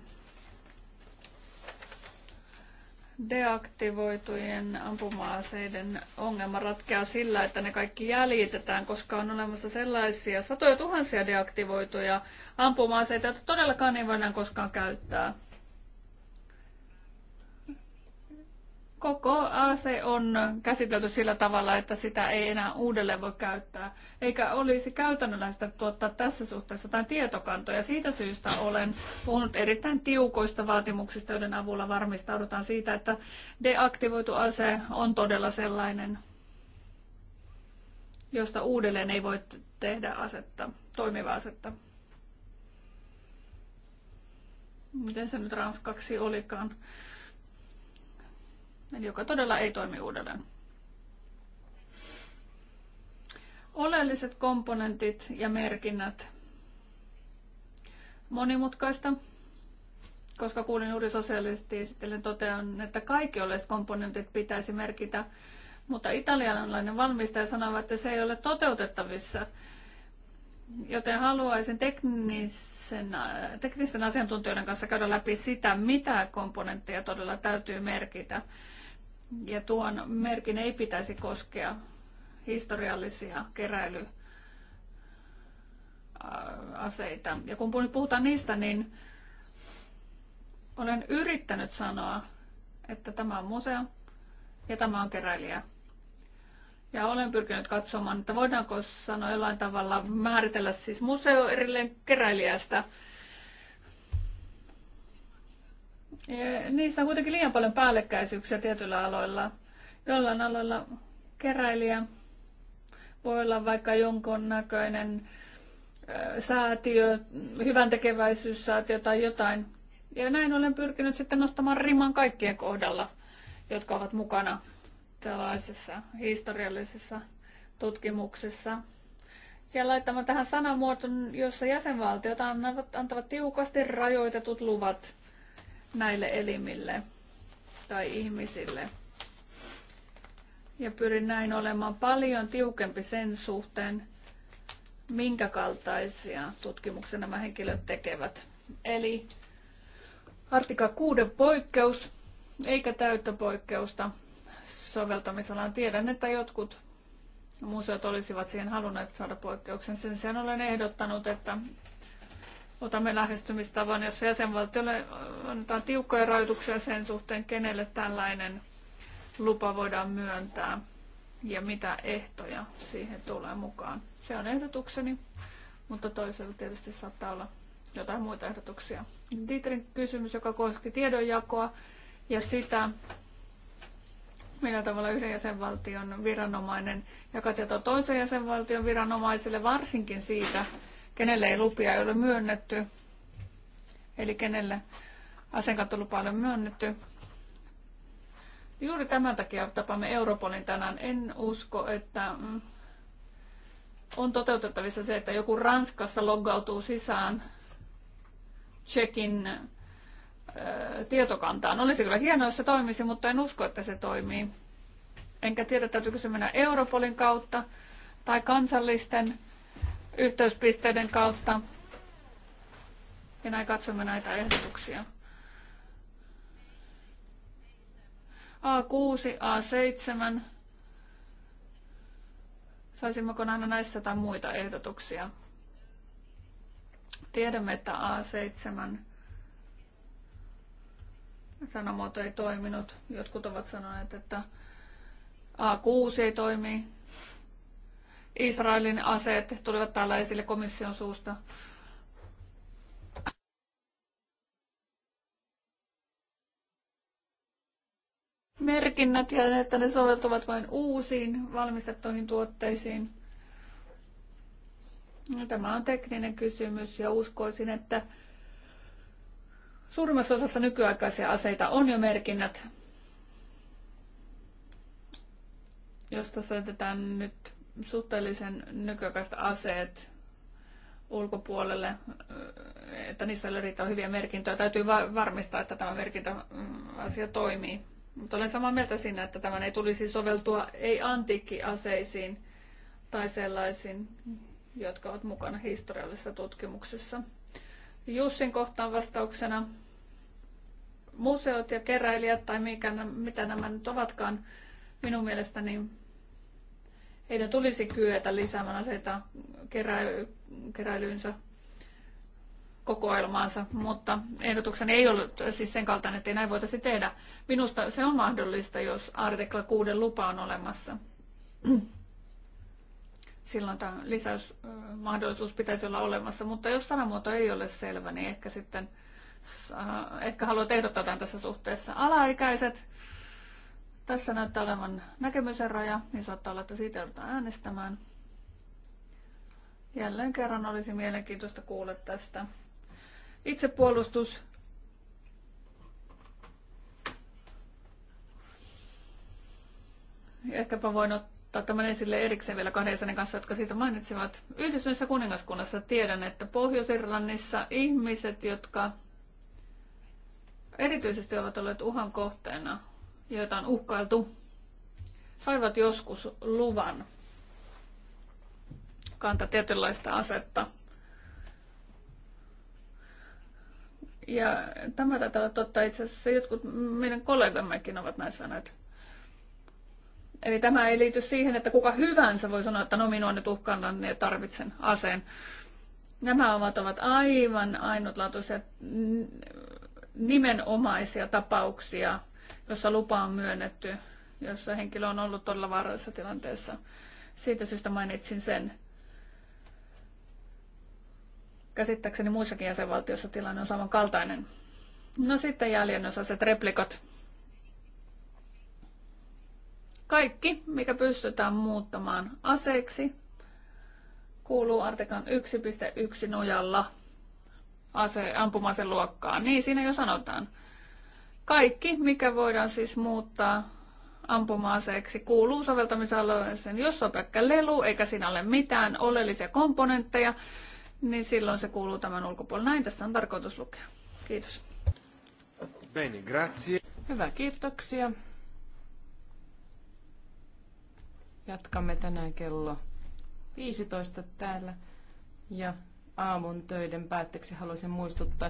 deaktivoitujen ampuma-aseiden ongelma ratkeaa sillä, että ne kaikki jäljitetään, koska on olemassa sellaisia satoja tuhansia deaktivoituja ampuma-aseita, joita todellakaan ei voidaan koskaan käyttää. koko ase on käsitelty sillä tavalla, että sitä ei enää uudelleen voi käyttää, eikä olisi käytännöllistä tuottaa tässä suhteessa jotain tietokantoja. Siitä syystä olen puhunut erittäin tiukoista vaatimuksista, joiden avulla varmistaudutaan siitä, että deaktivoitu ase on todella sellainen, josta uudelleen ei voi tehdä asetta, toimivaa asetta. Miten se nyt ranskaksi olikaan? eli joka todella ei toimi uudelleen. Oleelliset komponentit ja merkinnät. Monimutkaista, koska kuulin juuri sosiaalisesti esitellen totean, että kaikki oleelliset komponentit pitäisi merkitä, mutta italialainen valmistaja sanoi, että se ei ole toteutettavissa. Joten haluaisin teknisen, teknisten asiantuntijoiden kanssa käydä läpi sitä, mitä komponentteja todella täytyy merkitä. Ja tuon merkin ei pitäisi koskea historiallisia keräilyaseita. Ja kun puhutaan niistä, niin olen yrittänyt sanoa, että tämä on museo ja tämä on keräilijä. Ja olen pyrkinyt katsomaan, että voidaanko sanoa jollain tavalla määritellä siis museo erilleen keräilijästä niissä on kuitenkin liian paljon päällekkäisyyksiä tietyillä aloilla. Jollain aloilla keräilijä voi olla vaikka jonkun näköinen säätiö, hyvän tekeväisyyssäätiö tai jotain. Ja näin olen pyrkinyt sitten nostamaan riman kaikkien kohdalla, jotka ovat mukana tällaisessa historiallisessa tutkimuksessa. Ja laittamaan tähän sanamuoton, jossa jäsenvaltiot antavat, antavat tiukasti rajoitetut luvat näille elimille tai ihmisille. Ja pyrin näin olemaan paljon tiukempi sen suhteen, minkä kaltaisia tutkimuksia nämä henkilöt tekevät. Eli artikla 6 poikkeus, eikä täyttä poikkeusta soveltamisalaan. Tiedän, että jotkut museot olisivat siihen halunneet saada poikkeuksen. Sen sijaan olen ehdottanut, että otamme lähestymistavan, jossa jäsenvaltiolle annetaan tiukkoja rajoituksia sen suhteen, kenelle tällainen lupa voidaan myöntää ja mitä ehtoja siihen tulee mukaan. Se on ehdotukseni, mutta toisella tietysti saattaa olla jotain muita ehdotuksia. Dietrin kysymys, joka koski tiedonjakoa ja sitä, millä tavalla yhden jäsenvaltion viranomainen jakaa tietoa toisen jäsenvaltion viranomaisille, varsinkin siitä, kenelle ei lupia ei ole myönnetty, eli kenelle asenkantolupa ei ole myönnetty. Juuri tämän takia tapamme Europolin tänään. En usko, että mm, on toteutettavissa se, että joku Ranskassa loggautuu sisään Tsekin tietokantaan. Olisi kyllä hienoa, jos se toimisi, mutta en usko, että se toimii. Enkä tiedä, täytyykö se mennä Europolin kautta tai kansallisten yhteyspisteiden kautta. Ja näin katsomme näitä ehdotuksia. A6, A7. Saisimmeko nähdä näissä tai muita ehdotuksia? Tiedämme, että A7 sanamuoto ei toiminut. Jotkut ovat sanoneet, että A6 ei toimi. Israelin aseet tulivat täällä esille komission suusta. merkinnät ja että ne soveltuvat vain uusiin valmistettuihin tuotteisiin. No, tämä on tekninen kysymys ja uskoisin, että suurimmassa osassa nykyaikaisia aseita on jo merkinnät. Jos tässä nyt suhteellisen nykyaikaiset aseet ulkopuolelle, että niissä löydetään hyviä merkintöjä. Täytyy varmistaa, että tämä merkintäasia toimii. Mutta olen samaa mieltä siinä, että tämän ei tulisi soveltua ei antiikkiaseisiin tai sellaisiin, jotka ovat mukana historiallisessa tutkimuksessa. Jussin kohtaan vastauksena museot ja keräilijät tai mikä, mitä nämä nyt ovatkaan minun mielestäni heidän tulisi kyetä lisäämään aseita kerä- keräilyynsä kokoelmaansa, mutta ehdotuksen ei ollut siis sen kaltainen, että ei näin voitaisi tehdä. Minusta se on mahdollista, jos artikla 6 lupa on olemassa. Silloin tämä lisäysmahdollisuus pitäisi olla olemassa, mutta jos sanamuoto ei ole selvä, niin ehkä sitten äh, ehkä haluat ehdottaa tämän tässä suhteessa. Alaikäiset, tässä näyttää olevan näkemyseroja, niin saattaa olla, että siitä joudutaan äänestämään. Jälleen kerran olisi mielenkiintoista kuulla tästä. Itsepuolustus. Ehkäpä voin ottaa tämän esille erikseen vielä kahden jäsenen kanssa, jotka siitä mainitsivat. Yhdistyneessä kuningaskunnassa tiedän, että Pohjois-Irlannissa ihmiset, jotka erityisesti ovat olleet uhan kohteena, joita on uhkailtu, saivat joskus luvan kantaa tietynlaista asetta. Ja tämä taitaa olla totta itse asiassa jotkut meidän kollegammekin ovat näin sanoneet. Eli tämä ei liity siihen, että kuka hyvänsä voi sanoa, että no minua nyt uhkannan niin tarvitsen aseen. Nämä ovat, ovat aivan ainutlaatuisia nimenomaisia tapauksia, jossa lupa on myönnetty, jossa henkilö on ollut todella vaarallisessa tilanteessa. Siitä syystä mainitsin sen. Käsittääkseni muissakin jäsenvaltioissa tilanne on samankaltainen. No sitten jäljennösaset, replikat. Kaikki, mikä pystytään muuttamaan aseeksi, kuuluu artikan 1.1 nojalla ase, ampumase luokkaan. Niin siinä jo sanotaan – kaikki, mikä voidaan siis muuttaa ampumaaseeksi, kuuluu soveltamisalueeseen. Jos on pelkkä lelu eikä siinä ole mitään oleellisia komponentteja, niin silloin se kuuluu tämän ulkopuolelle. Näin tässä on tarkoitus lukea. Kiitos. Bene, grazie. Hyvä, kiitoksia. Jatkamme tänään kello 15 täällä ja aamun töiden päätteeksi haluaisin muistuttaa